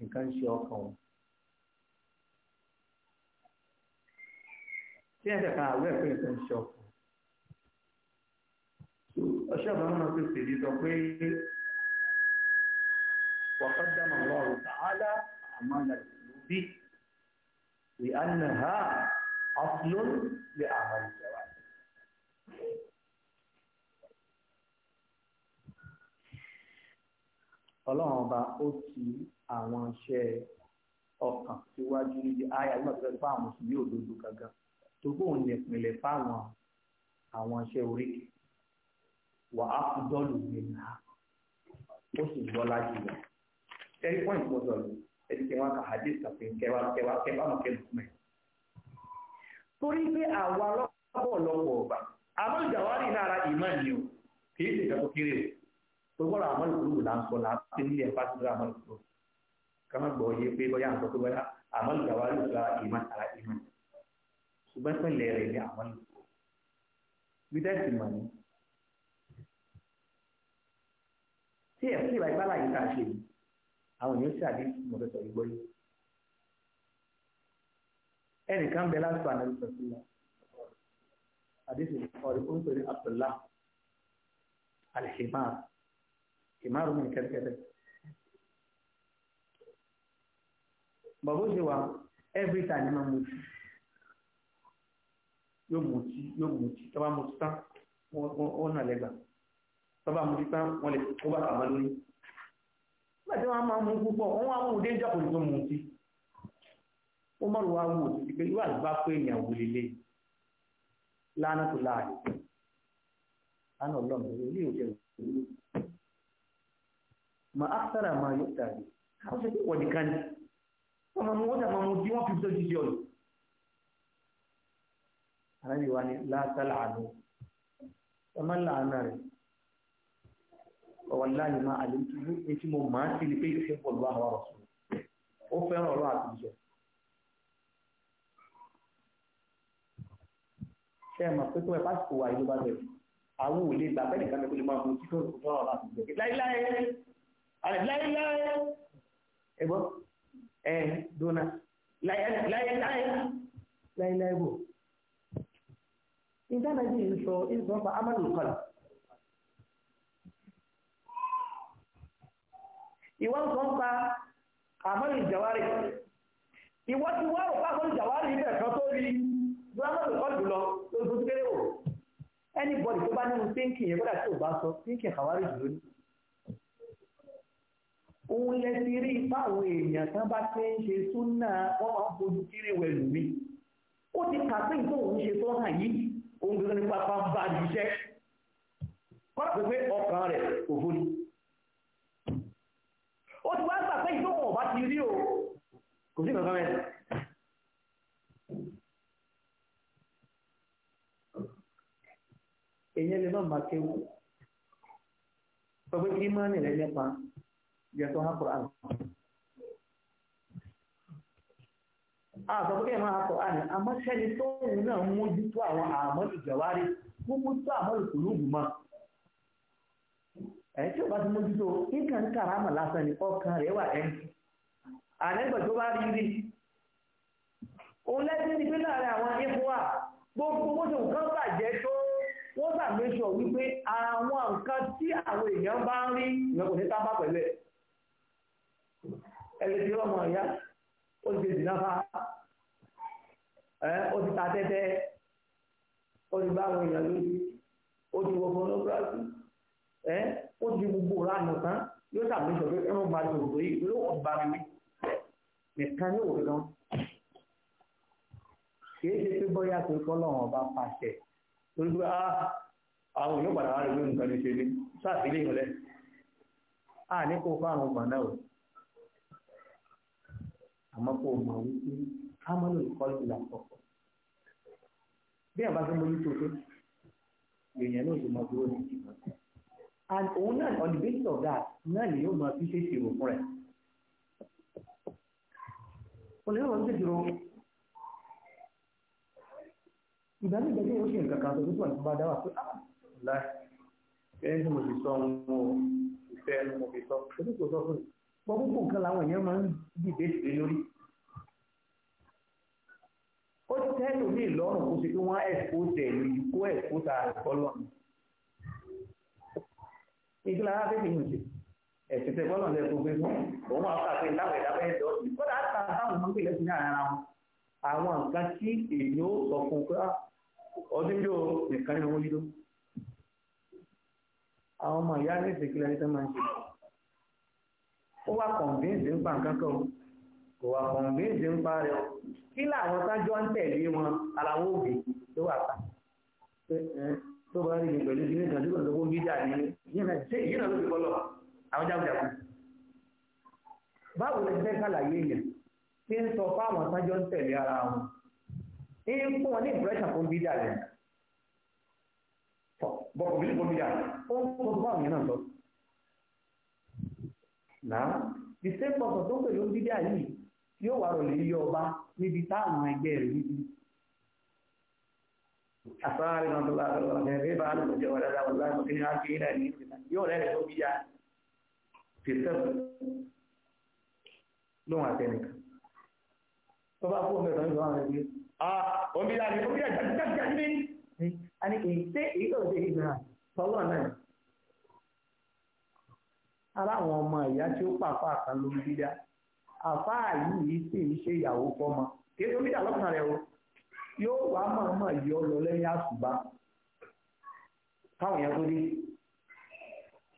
nǹkan ń ṣe ọkàn wọn. ṣé yẹn tẹ̀kan awẹ́ pé nǹkan ń ṣe ọkàn ọ̀ṣẹ́ ọ̀bọ̀n náà ti tèmi sọ pé wàá kọ́ dáná ọlọ́run tààlà àmọ́ ìlànà لأنها أصل لأعمال الجوارح ọlọ́run ọba ó ti àwọn iṣẹ́ ọkàn síwájú níbi àyà nígbà tó fẹ́ fún àwọn mùsùlùmí òdodo gangan tó bóun lè pinlẹ̀ fáwọn àwọn iṣẹ́ oríkì wà á fi dọ́ọ̀lù nìyà ó sì gbọ́ lájú rẹ̀ tẹ́lifọ́ǹtì gbọ́dọ̀ lò ẹni kí wọ́n ka hadith tàbí kẹwàá kẹwàá kẹwàá mọ̀ kẹwàá mọ̀ torí pé àwa lọ́pọ̀lọpọ̀ ọ̀gbà àmọ́ ìjàwárí lára ìmọ̀ ni o kì í ṣe ìjọba kéré o tó gbọ́dọ̀ àmọ́ ìkúrú là ń sọ là ń ṣe nílé ẹ̀fà sí àmọ́ ìkúrú ká má gbọ́ yé pé bóyá nǹkan tó bóyá àmọ́ ìjàwárí lára ìmọ̀ lára ìmọ̀ ṣùgbọ́n pẹ̀lẹ́ rẹ̀ ní àmọ́ ìkúrú àwọn èèyàn ṣàdé mọ̀tọ́tọ̀ ìgbọ́ yìí ẹnìkan bẹ láti pa ànábì sọ̀tún lọ àdéhùn ọ̀rẹ́ ó ń pè ní Abdullah alhimar himar mi kẹ́tẹ́kẹ́tẹ́ bàbá òṣèlú wa every time máa mú ti yóò mú ti yóò mú ti tọ́ba mú ti tán wọ́n nà lẹ́gbàá tọ́ba mú ti tán wọ́n lè kó bàtà wọn lórí nígbà tí wọ́n máa mú púpọ̀ wọ́n wá mú déjọ́ kò tó mú sí ó mọ̀rọ̀ wá wò sí pé ìwà àgbà pé èèyàn wò lélẹ̀ lánàá tó láàyè lánàá ọlọ́run ilé ìjẹ́ òwúrọ̀ mà á sára máa yọ tàbí àwọn ṣe pé wọ̀dì kan ní wọ́n máa mú wọ́n máa mú bí wọ́n fi tó jíjẹ ọ̀nà àrẹ́bí ni látàlá àánú ẹ má láàánú rẹ̀ wallahi máa àlejò ní tí mo máa ń sí ni pé ìfẹ́ pọ̀ lọ́wọ́ àwọn ọ̀sùn ó fẹ́ràn ọ̀rọ̀ àtijọ́ ṣe mọ̀ pé tó ẹ bá sùn wà ìlú bá bẹ̀rẹ̀ àwọn ò lè gbà bẹ́ẹ̀ nìkan mi kó lè máa mú títọ́ ìfọ̀rọ̀ ọ̀rọ̀ àtijọ́ láíláí láíláí ẹgbọ́ ẹ dóná láíláí láíláí bò ìdánayé ń sọ ìsọ̀fà amálùkọ́lù. ìwọ ń sọ ń pa àmọ́lì ìjàwárì ìwọ ti wá òpá àmọ́lì ìjàwárì ilé ẹ̀kan tó rí gbọ́nàmọ́lì kọ́ jùlọ lóṣù tó kéré wò anybody tó bá nínú pínkì yẹn kódà tí ò bá sọ pínkì àwárí jùlọ ní. òun lẹ ti rí ipá àwọn èèyàn tán bá ti ń ṣe súnà wọn máa ń fojú kéré wẹlú mi ó ti kà sí ìtò òun ṣe tó hàn yìí òun gẹ́gẹ́ ní pápá bá a ṣiṣẹ́ kọ́ sí kankan bẹ́ẹ̀. èyí ẹni náà máa kéwù sọ pé kí máa nìrẹ nípa jẹtọ hapò àná. a sọ pé kí ẹ máa hapò àná àmọ́ sẹ́ni tó ń náà mójútó àwọn àmọ́lù jẹ̀wárí wọ́n mójútó àmọ́lù kùlùbù mọ́ ẹ̀ tí o bá ti mójútó nǹkan kàrámà lásán ni ọkàn rẹ̀ wà ẹ̀ ń tì àlẹ́gbẹ̀ tó bá rí rí òun lẹ́sìn ní pé láàrin àwọn ìfúnwà gbogbo owó tó nǹkan bàjẹ́ tó wọ́n sàmẹ́sọ̀ wípé àwọn nǹkan tí àwọn èèyàn bá ń rí ìyẹn kò ní sábà pẹ̀lú ẹ̀ ẹni tí ọmọ ìyá ó ti dì náà fa ó ti ta tẹ́tẹ́ ó ti bá àwọn èèyàn lójú ó ti wọ fọlọ́gírafì ó ti gbogbo ránù tán yóò sàmẹ́sọ̀ pé ẹ̀rọ bá ti rò pé yóò bá mi nìkan ní òwe gan kìí ṣe pé bọ́yá tó kọ́ lọ́wọ́n bá pàṣẹ torí pé ah, àwọn èèyàn padà wà lórí nǹkan ní ṣe ní sáàtìlẹ́ ìrọ̀lẹ́ a ní kó fún àwọn ọgbà náà àmọ́ kó mọ̀ wípé a máa lòlù kọ́ ìlà kọ̀ọ̀kan bí àbá tó mójútó tó èèyàn náà ṣe máa dúró ní ìgbà and òun náà on the basis of that náà ni yóò máa fi ṣèṣirò fún rẹ̀ oníyàwó ń tètè rọ ìgbà ní ìgbà tí yóò ṣe nǹkan kan tó tó àti bá dáwà pé ah láì ẹni tí mo sì sọ ohun mo ìfẹ́ ẹnu mo fi sọ ojú kò sọ fún mi gbọ́ púpọ̀ nǹkan làwọn èèyàn máa ń dìde sí lórí ó tẹ́lù ní ìlọ́rùn kó ṣe pé wọ́n ẹ̀kọ́ tẹ̀lú kó ẹ̀kọ́ ta àkọlọ́run ìgbìlá afẹ́fẹ́ yìí ń ṣe ẹ̀sìn tẹ bọ́lọ̀ lẹ́kọ̀ọ́ gbé fún òun àwọn kàfé láwọn ẹ̀dá bẹ́ẹ̀ dọ̀ sí kódà àtà táwọn máa ń pè lẹ́sìn náà ara wọn àwọn nǹkan tí èyí ó sọ fún pé ah, ọdún yóò nìkan ni wọ́n yí ló àwọn ọmọ ìyá ní ìsìnkílẹ̀ ẹni tó máa ń ṣe ó wá kọ̀ǹbíǹsì ń pa nǹkan kan kò wá kọ̀ǹbíǹsì ń pa rẹ̀ kí làwọn sájọ́ ń tẹ̀lé wọn aláwọ̀ òbí tó wà ká tó bá rí mi pẹ̀lú ìdílé ìdájọ́ ìgbàlódé ó ń bí jà ní yìí náà ló fi bọ́ lọ́wọ́ àwọn jágùjágùn báwo lè fẹ́ sàlàyé yẹn tí ń sọ fáwọn sájọ́ ń tẹ̀lé ara wọn ní ń fún wọn ní ìpúrẹ́sà fún bídà rẹ̀ bọ̀kọ̀ bí fún bídà ó ń fún fáwọn yẹn náà sọ náà the same person tó pẹ̀lú bídà yìí yóò wà rọ̀lẹ́ ilé ọba níbi táwọn ẹgbẹ́ rẹ̀ níbi àfáàrí náà tó bá rẹ̀ rẹ̀ bá lọ́jọ́ ọ̀dọ́dá wọn láti fi hàn sí ilẹ̀ ní yóò rẹ̀ rẹ̀ tó bídà fìtẹ́bù lóhun àtẹnìkan tó bá fún ọmọdé ọ̀dọ́ àwọn ẹgbẹ́ omi láti omi àjájájájú ní a ní èyí tẹ́ èyí tó ṣe ìgbà fọwọ́ náà ara àwọn ọmọ ìyá tí ó pàpà kan ló ń dídá àfáà yìí sì ń ṣe ìyàwó fọmọ kí ló ń dídá lọ́kàn rẹ̀ o yóò wá mọ̀ọ́mọ̀ yọ lọ lẹ́yìn àṣùbá táwọn yẹn tó dé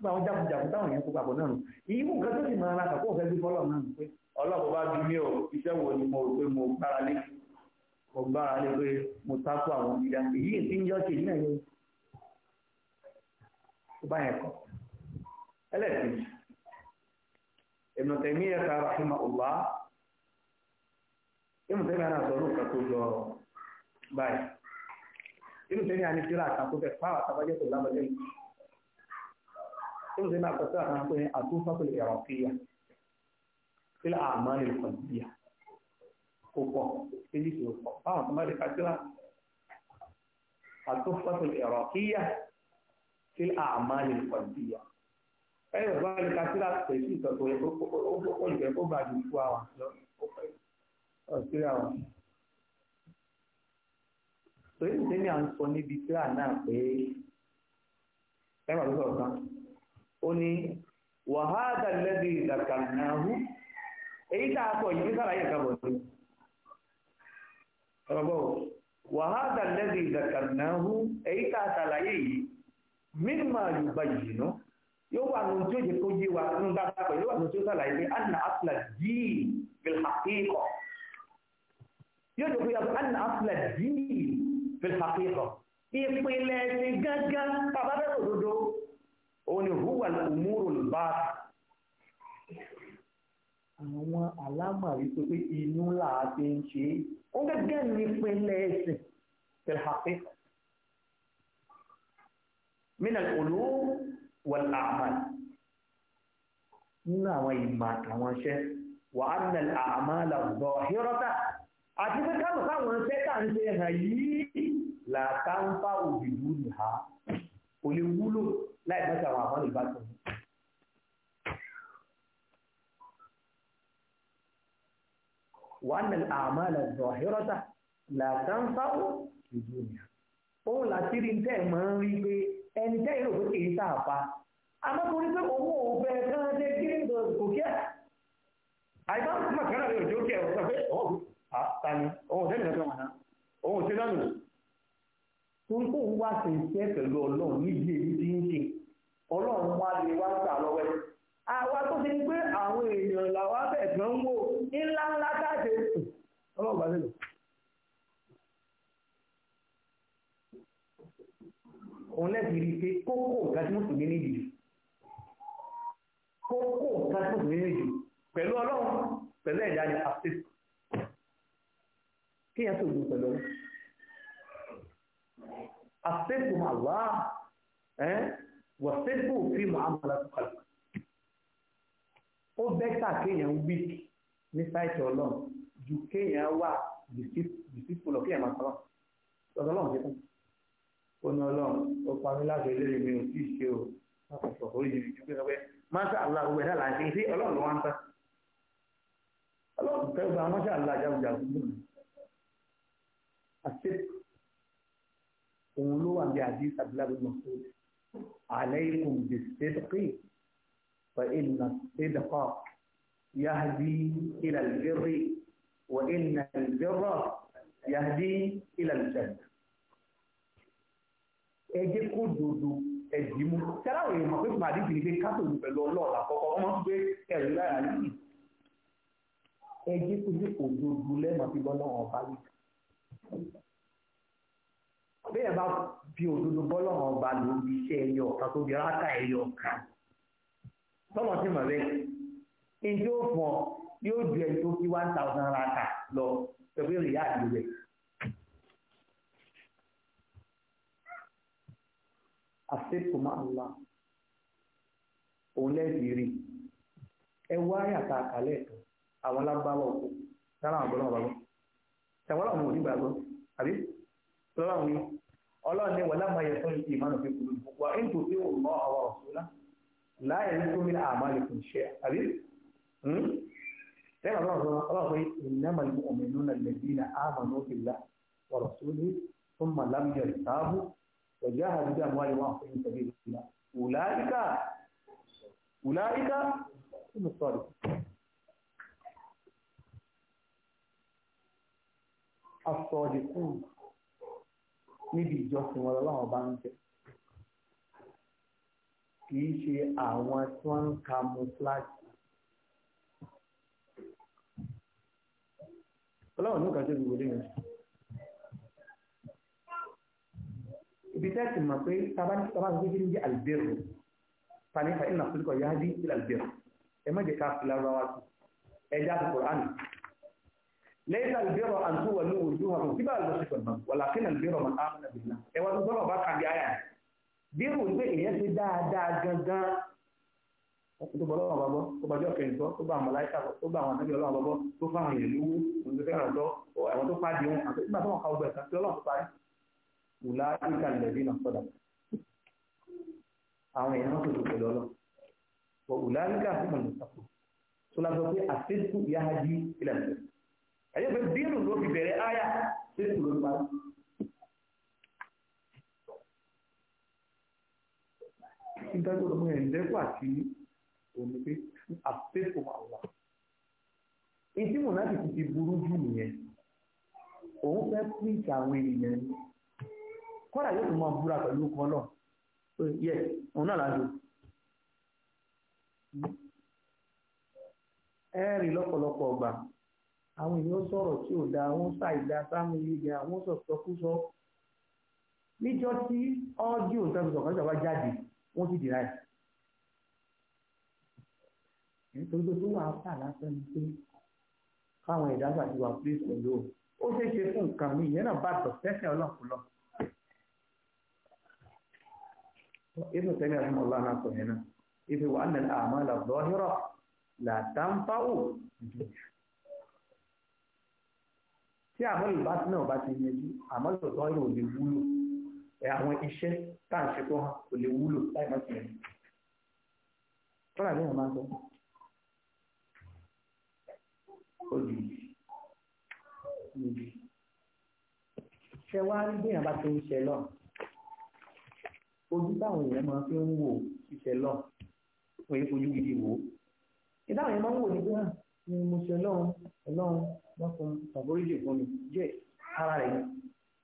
gba àwọn jagunjagun táwọn yẹn kó papọ̀ náà nù ìyí mú nǹkan tó sì máa ra kàkó òfẹ́ bí fọ́lọ̀ náà nù pé ọlọ́pàá bá bí mí o iṣẹ́ wo ni mo rò pé mo gbára lé mo gbára lé pé mo tákù àwọn ìyá èyí tí ń yọ ṣe náà yóò tó bá yẹn kọ ẹlẹ́sìn ìmọ̀tẹ̀ mí ẹ̀ka rahima ọ̀la ìmọ̀tẹ̀ mí sọ̀rọ̀ nǹkan tó lọ báyìí ìmọ̀tẹ̀ mí àní síra àkàkọ́ ibùdó sẹ́yìn náà pẹ̀sẹ̀ àwọn akọ̀yìn àtúnfàkùn ìrọ̀kìyà sílẹ̀ àmọ́ ìkọ̀lùbíyà kò pọ̀ èyí sì pọ̀ báwọn kan bá lè ka sílẹ̀ àtúnfàkùn ìrọ̀kìyà sílẹ̀ àmọ́ ìkọ̀lùbíyà ẹ̀yìn bàbá lè ka sílẹ̀ pẹ̀sì ìtọ́jú olùkẹ́ kó bá ju fún àwọn ọ̀sílẹ̀ àwọn. torí ìdílé à ń sọ níbi sílẹ̀ náà pé ẹ̀rọ àlùfẹ́ ọ̀sán oni ní wàhádà lẹ́bí ìdàkànáhù èyí tá a kọ yìí sàlàyé ìkàbọ̀ sí ọgbọ́ wàhádà lẹ́bí ìdàkànáhù èyí tá a sàlàyé yìí mínímà yorùbá yìí ná yóò wà nù tí ó jẹ kó yé wa nù dáadáa pẹ̀lú yóò ba daadaa nù tí ó sàlàyé pé anna asla díì bilhakíkọ yóò jẹ kó yà anna asla díì bilhakíkọ ìpìlẹ̀ ẹ̀sìn gángan tàbá bẹ́ẹ̀ òdodo ó ní huwa umuru bá àwọn alámà wípé pé inú là á fi ń ṣe é ó gẹ́gẹ́ nípínlẹ̀ ẹ̀sìn tẹ̀lifàfẹ́ min al-ulum wal-a'mal nínú àwọn ìmọ̀ àtàwọn iṣẹ́ wà á nà al-a'mala zahirata àti pé káàmù káwọn iṣẹ́ tà ń ṣe hàn yìí làtàǹfà òbí wúlò ha kò wúlò láì mọ́ta àwọn àmọ́ ìbá tó. wọ́n nà àmọ́ lọ́dọ̀ ìrọ́ta làtàǹfààwò ìdúnyà. òun láti rí tẹ́ máa ń rí pé ẹni tẹ́ ìrò pé kìí sáàpá. àmọ́ torí pé owó òfẹ́ kan jẹ́ kí ní kò kíá. àìbá mọ̀ kánà rẹ̀ òjò kẹ́ ọ̀sán pé ọ̀hún àtàní ọ̀hún tẹ́lẹ̀ lọ́sọ̀ wọn náà ọ̀hún tẹ́lẹ̀ lọ́nà. torí pé òun wá sí iṣẹ́ pẹ̀lú ọlọ́run níbi èyí ń ṣe ọlọ́run wá lè wá gbà lọ́wọ́ ẹ̀ àwa tó ti pé àwọn èèyàn làwa bẹ̀gbọ́n ń wò ńlá ńlá jáde ọlọ́run bá nílò. òun lẹ́sìn rí i pé kókó nǹkan tí mo sì ní nídìí kókó nǹkan tí mo sì ní nídìí pẹ̀lú ọlọ́run pẹ̀lú ẹ̀dá ni àti kéèyàn tó gbé pẹ̀lú ọlọ́run àti pẹ̀lú àlá. wọ̀sẹ́kù fi muhammadu kọlù ó bẹ́tà kéèyàn weak ní sáìtì ọlọ́run ju kéèyàn wà dìsípùlọ̀ kéèyàn máa sọ́lọ́ lọ́sọ́ ọlọ́run ṣe fún ó ní ọlọ́run ó láti ẹlẹ́rìí mi ò tí ì o láti sọ orí yìí ju ṣe ọlọ́run ló wá ń tán ọlọ́run àti òun ló wà عليكم بالصدق فإن الصدق يهدي إلى البر وإن البر يهدي إلى الجنة ẹjẹ kó dodo ẹdì mú tẹ́láwọ̀ èèyàn pé màdí bìí pé kátòlù pẹ̀lú ọlọ́ọ̀lá kọ́kọ́ ọmọ ń gbé ẹ̀rí lára yìí ẹjẹ kó dodo lẹ́mọ̀ fi bọ́ náà yìí. bẹ́ẹ̀ bá fi òdodo bọ́lọ́mọ ọba ló bi iṣẹ́ ẹyọ ọ̀kan tó bi rákà ẹyọ ọ̀kan tọ́mọ sí mọ̀ bẹ́ẹ̀ ìjọ ọ yóò ju ẹni tó fi one thousand rákà lọ pẹ̀lú ìrìyà àdúgbò rẹ̀. àfẹ́kù máa ń la òun lẹ́sìn rí ẹ wá yàtà àkàlẹ̀ ẹ̀tọ́ àwọn alábáwọ̀ ọ̀gbọ́n àbí. lọ́wọ́ àwọn ọlọ́run ní yẹ fún ìmánu fi kúrú wà ń tó sí òun náà àwọn láyé àmà lè fún iṣẹ́ àbí hmm? àwọn ìnáma ní náà lẹ́bí ọ̀rọ̀ níbi ìjọsìn wọn lọ́wọ́ bá ń jẹ kì í ṣe àwọn tí wọ́n ń camouflage. ọlọ́run ní ìkàjọ́ ìwé lẹ́yìn oṣù. ibi tẹ́sí mọ̀ pé tábà ní tábà gbé ní albero tani fa ina kulikọ yaadi ila albero ẹ má jẹ ká filawa wa tu ẹ jẹ àti kùránì ليس البر أن تولوا وجوهكم قبل المشرق والمغرب ولكن البر من آمن بالله ẹwà tó بقى bá kàbí ayà bírù ń pè èyàn ṣe dáadáa gangan ọkùnrin tó bọ̀ lọ́wọ́ bàbọ́ tó bá jọ kẹyìn sọ tó bá àmọ́ láìka tó bá àwọn àtàbí ọlọ́wọ́ bàbọ́ tó fà hàn yẹn lówó òun tó fẹ́ràn lọ àwọn tó pàdé wọn àti nígbà tó wọn ka ọgbà ẹ̀ka tí ọlọ́wọ́ tó parí wùlá ìka lẹ̀bí náà sọ̀dà àwọn èèyàn tó tó pẹ̀lú ọlọ́ wùlá ìka sí mọ̀lẹ́sàkó tó lágbọ́ pé àṣẹ́sù yáhàjì ilẹ̀ ìṣẹ̀lẹ̀ ẹ̀yẹ́ pé dínú ló fi bẹ̀rẹ̀ áyà sí ìlú parí. ìdájọ́ ọmọ ẹ̀ lẹ́kọ̀ọ́ àti òní pé àfẹ́fọ́ àwa. ìdí mọ̀nàbì ti ti burú jù àwọn èèyàn sọ̀rọ̀ tí ò dáa wọ́n ṣàìdá sáwọn ilé àwọn sọ̀tọ̀kúsọ níjọ́ tí ọ́dí ò tẹ́lẹ̀ sọ̀kan ìjọba jáde wọ́n ti dìrà ẹ̀. nítorí tó wà áfà lásán ni pé káwọn ẹ̀dá àti wà pé pẹ̀lú ó ṣeé ṣe fún nǹkan mi ìyẹn náà bá tọ̀ tẹ́sẹ̀ ọlọ́pùlọ́. ibn tẹ́lẹ̀ àti mọ̀lá náà sọ yẹn náà ibi wà nà tí àmọ́lò bá ti náà bá ti yanjú àmọ́lò tó ń yóò lè wúlò ẹ̀ àwọn iṣẹ́ tá à ń ṣe tó hàn kò lè wúlò láì má ti yanjú. tọ́lá ní ìyàn máa ń sọ ó di níbi. ṣé wàá rí bí èèyàn bá ti ń ṣe lọ ojú táwọn èèyàn máa fi ń wò ìṣẹ̀lọ̀ òye fojú gidi wò ìdáhùn yẹn máa ń wò ní bí wọ́n ah, ni mo ṣe ọlọ́run ọlọ́run wọn fún tàbóríjì fún mi jẹ́ ara rẹ̀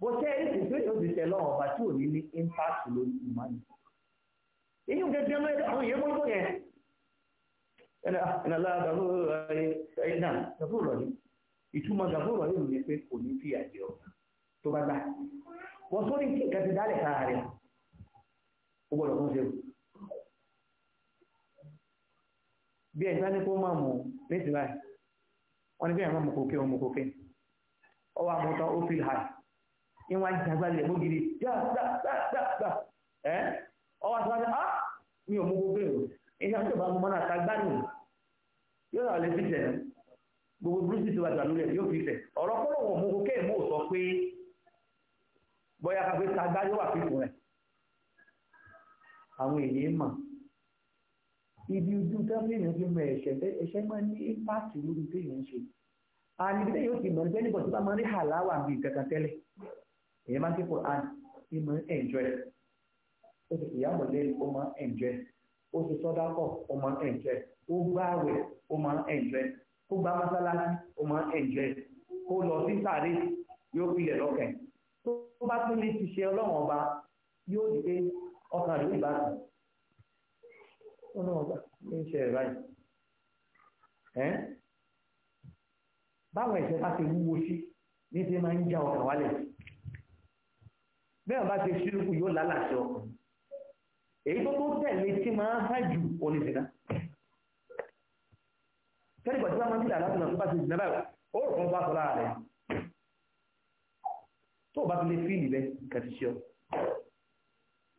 bó ṣe é ṣe pé yóò ti ṣe lọ́wọ́ ọba tí ò ní ní impact lórí èyí ń gẹ́gẹ́ mẹ́rin àwọn mọ́tò yẹn ẹ̀nà lára gàfó gàfó rọ̀lẹ́ ìtumọ̀ gàfó rọ̀lẹ́ mi ni pé kò ní fi ọ tó bá gbà wọ́n ní kí nǹkan ti dálẹ̀ kára rẹ̀ ó gbọ́dọ̀ ṣe bí ẹ̀gbá ní kó máa mú létí báyìí wọ́n ní bí ẹ̀gbá mú kòkè mú kòkè ọwọ́ àmọ́tọ́ ó fi hà ìwà ìjàgbálẹ̀ mọ́gìrì yáàgbàgbàgbà ẹ́ ọwọ́ àti á mi ò mú kòkè o ìyá tó bá mọ́nà àtàgbánù yóò rà lè fi tẹ̀ gbogbo burúkú tó wà lórí ẹ̀ yóò fi tẹ̀ ọ̀rọ̀ mú mú sọ pé bọ́yá yóò wà fífún àwọn mọ̀ ibi ojú tẹ́lẹ̀ èèyàn fi mọ ẹ̀ṣẹ̀ ẹ̀ṣẹ̀ máa ń ní impact lórí bí èèyàn ṣe àní bí èèyàn ti mọ̀ ní bẹ́ẹ̀ tó bá máa ń rí hàláwà bíi kankan tẹ́lẹ̀ èèyàn máa ń kéfò àn ní mọ̀ ń enjoy ó ti fìyàwó lẹ́yìn ó máa ń enjoy ó ti sọ́dá pọ̀ ó máa ń enjoy ó gbá àwẹ̀ ó máa ń enjoy ó gbá mọ́sálásí ó máa ń enjoy ó lọ sí sàárè yóò pilẹ̀ ó náà gbà ní iṣẹ́ rẹ̀ báyìí ẹ́ báwọn ẹ̀ṣẹ̀ bá ti wúwo sí ní ti máa ń já ọkàn wálẹ̀ bẹ́ẹ̀ bá ti ṣírùkù yóò lálàṣẹ ọkàn èyí tó tó tẹ̀lé tí máa ń hàn jù oníṣẹ́dá kẹ́lẹ́gbà tí wọ́n máa ń dìlà láti náà tó bá ti jìnnà báyìí ó rò fún bá sọ lára rẹ̀ tó bá ti lè fíìlì rẹ̀ kàtíṣẹ́ ọ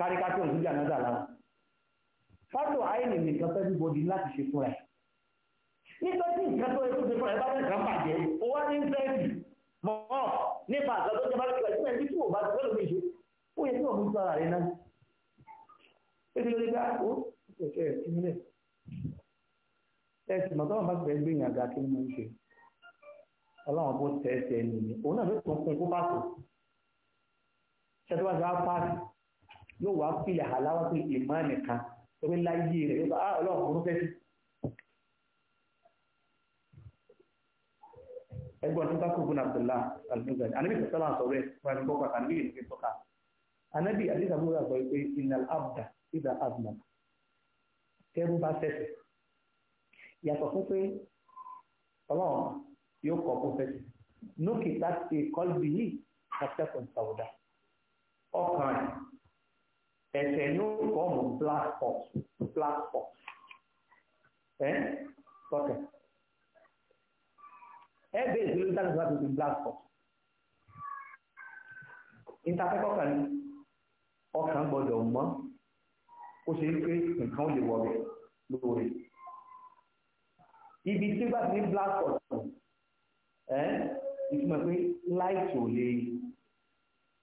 káríkátọ̀ sí jàǹdà lára fátò àìní nìkan fẹ́ bí bọ́dí láti ṣe fúnra ẹ̀ nígbà tí nǹkan tó yẹ kó ṣe fúnra ẹ̀ bá fẹ́ kàn bàjẹ́ ó wá ní sẹ́ẹ̀sì mọ́ ọ́ nípa àgbà tó jẹ́ bá lọ́kọ̀ ìṣúná ẹni tí kò bá ti fẹ́ lómi ṣe ó yẹ kí wọ́n mú sọ ara rẹ̀ náà èdè lórí bá ó ṣẹ̀ṣẹ̀ ẹ̀ sí nílẹ̀ ẹ̀sìn mọ̀ tọ́wọ́n bá fẹ́ gbé yàn ga kí wọ́n ṣe ọlọ́run bó tẹ̀ ẹ̀sẹ̀ ẹni òun náà ló tún kún kó pàṣẹ yóò wá fìlẹ̀ àláwá pé ìmọ̀ nìkan tó pé láyé rẹ̀ yóò bá ah, ọlọ́run fún fẹ́ sí. ẹgbọ́n tó bá kó fún Abdullah al-Muzani anabi sọ̀tọ́lá sọ̀rọ̀ ẹ̀ fún ẹni gbọ́kọ̀ àtàní ìlú ní sọ́kà anabi àdìsá bó rà sọ pé inal abda ida azman tẹ́rù bá sẹ̀sẹ̀ yàtọ̀ fún pé ọlọ́run yóò kọ̀ fún fẹ́ sí nókè láti kọ́lbì yìí kàtẹ́kùn sàwùdà ọkàn rẹ̀ ẹ̀sẹ̀ ní ó fọ́ọ̀mù black box black box ẹ́ tọ́tẹ̀ ẹ́ bẹ́ẹ̀ sí lórí dáadáa tó ti black box ìtafẹ́kọ̀ọ́ kan ní ọkàn gbọ́dọ̀ mọ́ ó ṣe é pé nǹkan ó lè wọ̀ bẹ̀ lóore ibi tí bá ti ní black box ẹ́ ìtumọ̀ pé láìsí lè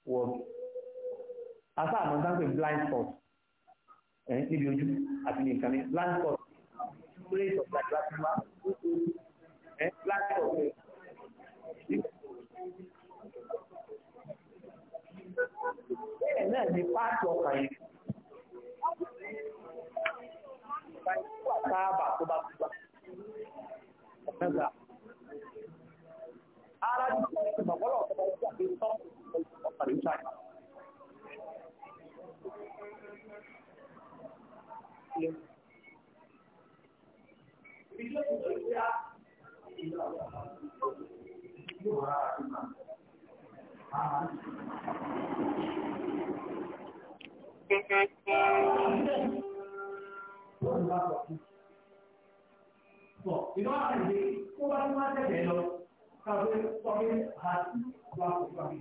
wọ̀ bẹ̀ asa àmọ́ tá ń blind spot níbi ojú àti ní nǹkan ní blind spot rate of diagnostic blind spot bẹ́ẹ̀ náà ni páàkì ọkàn yẹn sáábà tó bá tó bá mẹ́ta ara ní ọ̀pọ̀lọpọ̀ ọ̀pọ̀lọpọ̀ ọ̀pọ̀lọpọ̀ ọ̀pọ̀lọpọ̀ muslim. Bọ̀ ìlú àgbègbè kó bá tó máa tẹ̀lé lọ káwé kọ́lé àti wàkùnkùn àmì.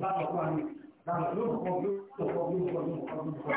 Báwo kọ́ àmì? Báwo yóò kọ́ yóò kọ́ yóò kọ́ yóò kọ́ yóò kọ́.